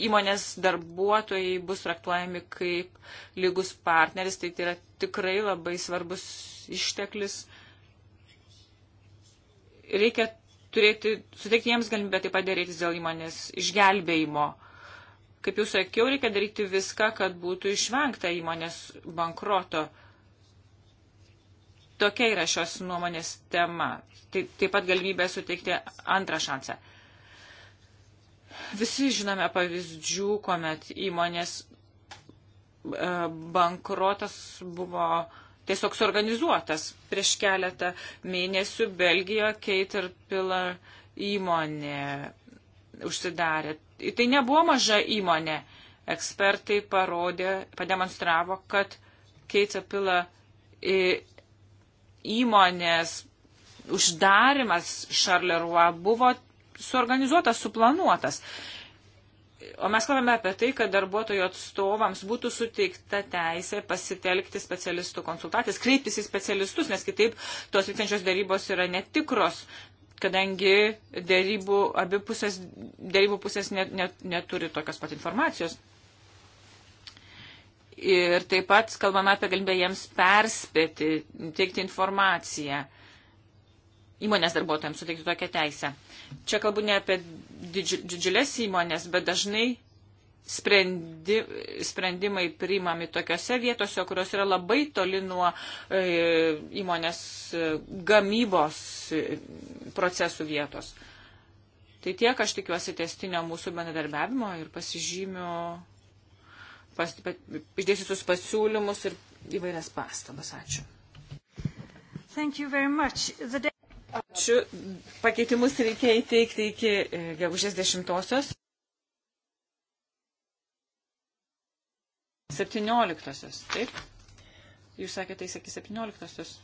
įmonės darbuotojai bus traktuojami kaip lygus partneris, tai tai yra tikrai labai svarbus išteklis. Reikia turėti, suteikti jiems galimybę taip pat dėrėtis dėl įmonės išgelbėjimo. Uh, Kaip jau sakiau, reikia daryti viską, kad būtų išvengta įmonės bankroto. Tokia yra šios nuomonės tema. Taip, taip pat galimybė suteikti antrą šansą. Visi žinome pavyzdžių, kuomet įmonės e, bankrotas buvo tiesiog suorganizuotas. Prieš keletą mėnesių Belgijoje Caterpillar įmonė užsidarė tai nebuvo maža įmonė. Ekspertai parodė, pademonstravo, kad Keitapila e, įmonės uždarimas Šarlerua buvo suorganizuotas, suplanuotas. O mes kalbame apie tai, kad darbuotojų atstovams būtų suteikta teisė pasitelkti specialistų konsultacijas, kreiptis į specialistus, nes kitaip tos vykstančios darybos yra netikros, kadangi dėrybų, abi pusės, dėrybų pusės net, net, neturi tokios pat informacijos. Ir taip pat kalbame apie galimybę jiems perspėti, teikti informaciją, įmonės darbuotojams suteikti tokią teisę. Čia kalbu ne apie didžiulės įmonės, bet dažnai sprendi, sprendimai priimami tokiose vietose, kurios yra labai toli nuo e, įmonės e, gamybos e, procesų vietos. Tai tiek aš tikiuosi testinio mūsų bendradarbiavimo ir pasižymiu, pas, išdėstytus pasiūlymus ir įvairias pastabas. Ačiū. The... Ačiū. Pakeitimus reikia įteikti iki e, gegužės dešimtosios. 17. Taip? Jūs sakėte, jis sakė 17.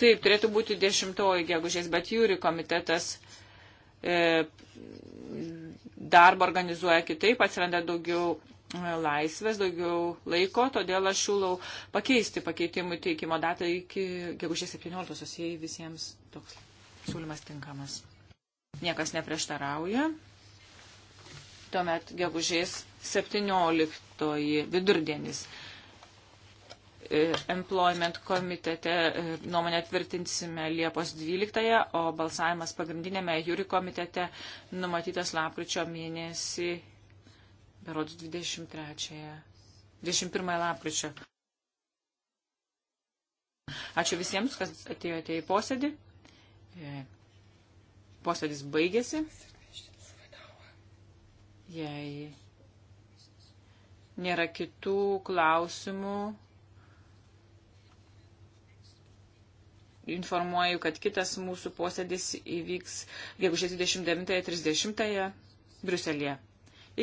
Taip, turėtų būti 10 gegužės, bet jūri komitetas e, darbą organizuoja kitaip, atsiranda daugiau e, laisvės, daugiau laiko, todėl aš siūlau pakeisti pakeitimų teikimo datą iki gegužės 17-osios, jei visiems toks siūlymas tinkamas. Niekas neprieštarauja. Tuomet gegužės 17 vidurdienis. E, employment komitete e, nuomonę tvirtinsime Liepos 12, o balsavimas pagrindinėme jūri komitete numatytas lapkričio mėnesį, berods 23, 21 lapkričio. Ačiū visiems, kas atėjote į posėdį. E, posėdis baigėsi. Jei nėra kitų klausimų. Informuoju, kad kitas mūsų posėdis įvyks gegužės 29-30 Bruselėje.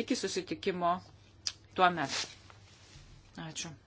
Iki susitikimo tuo metu. Ačiū.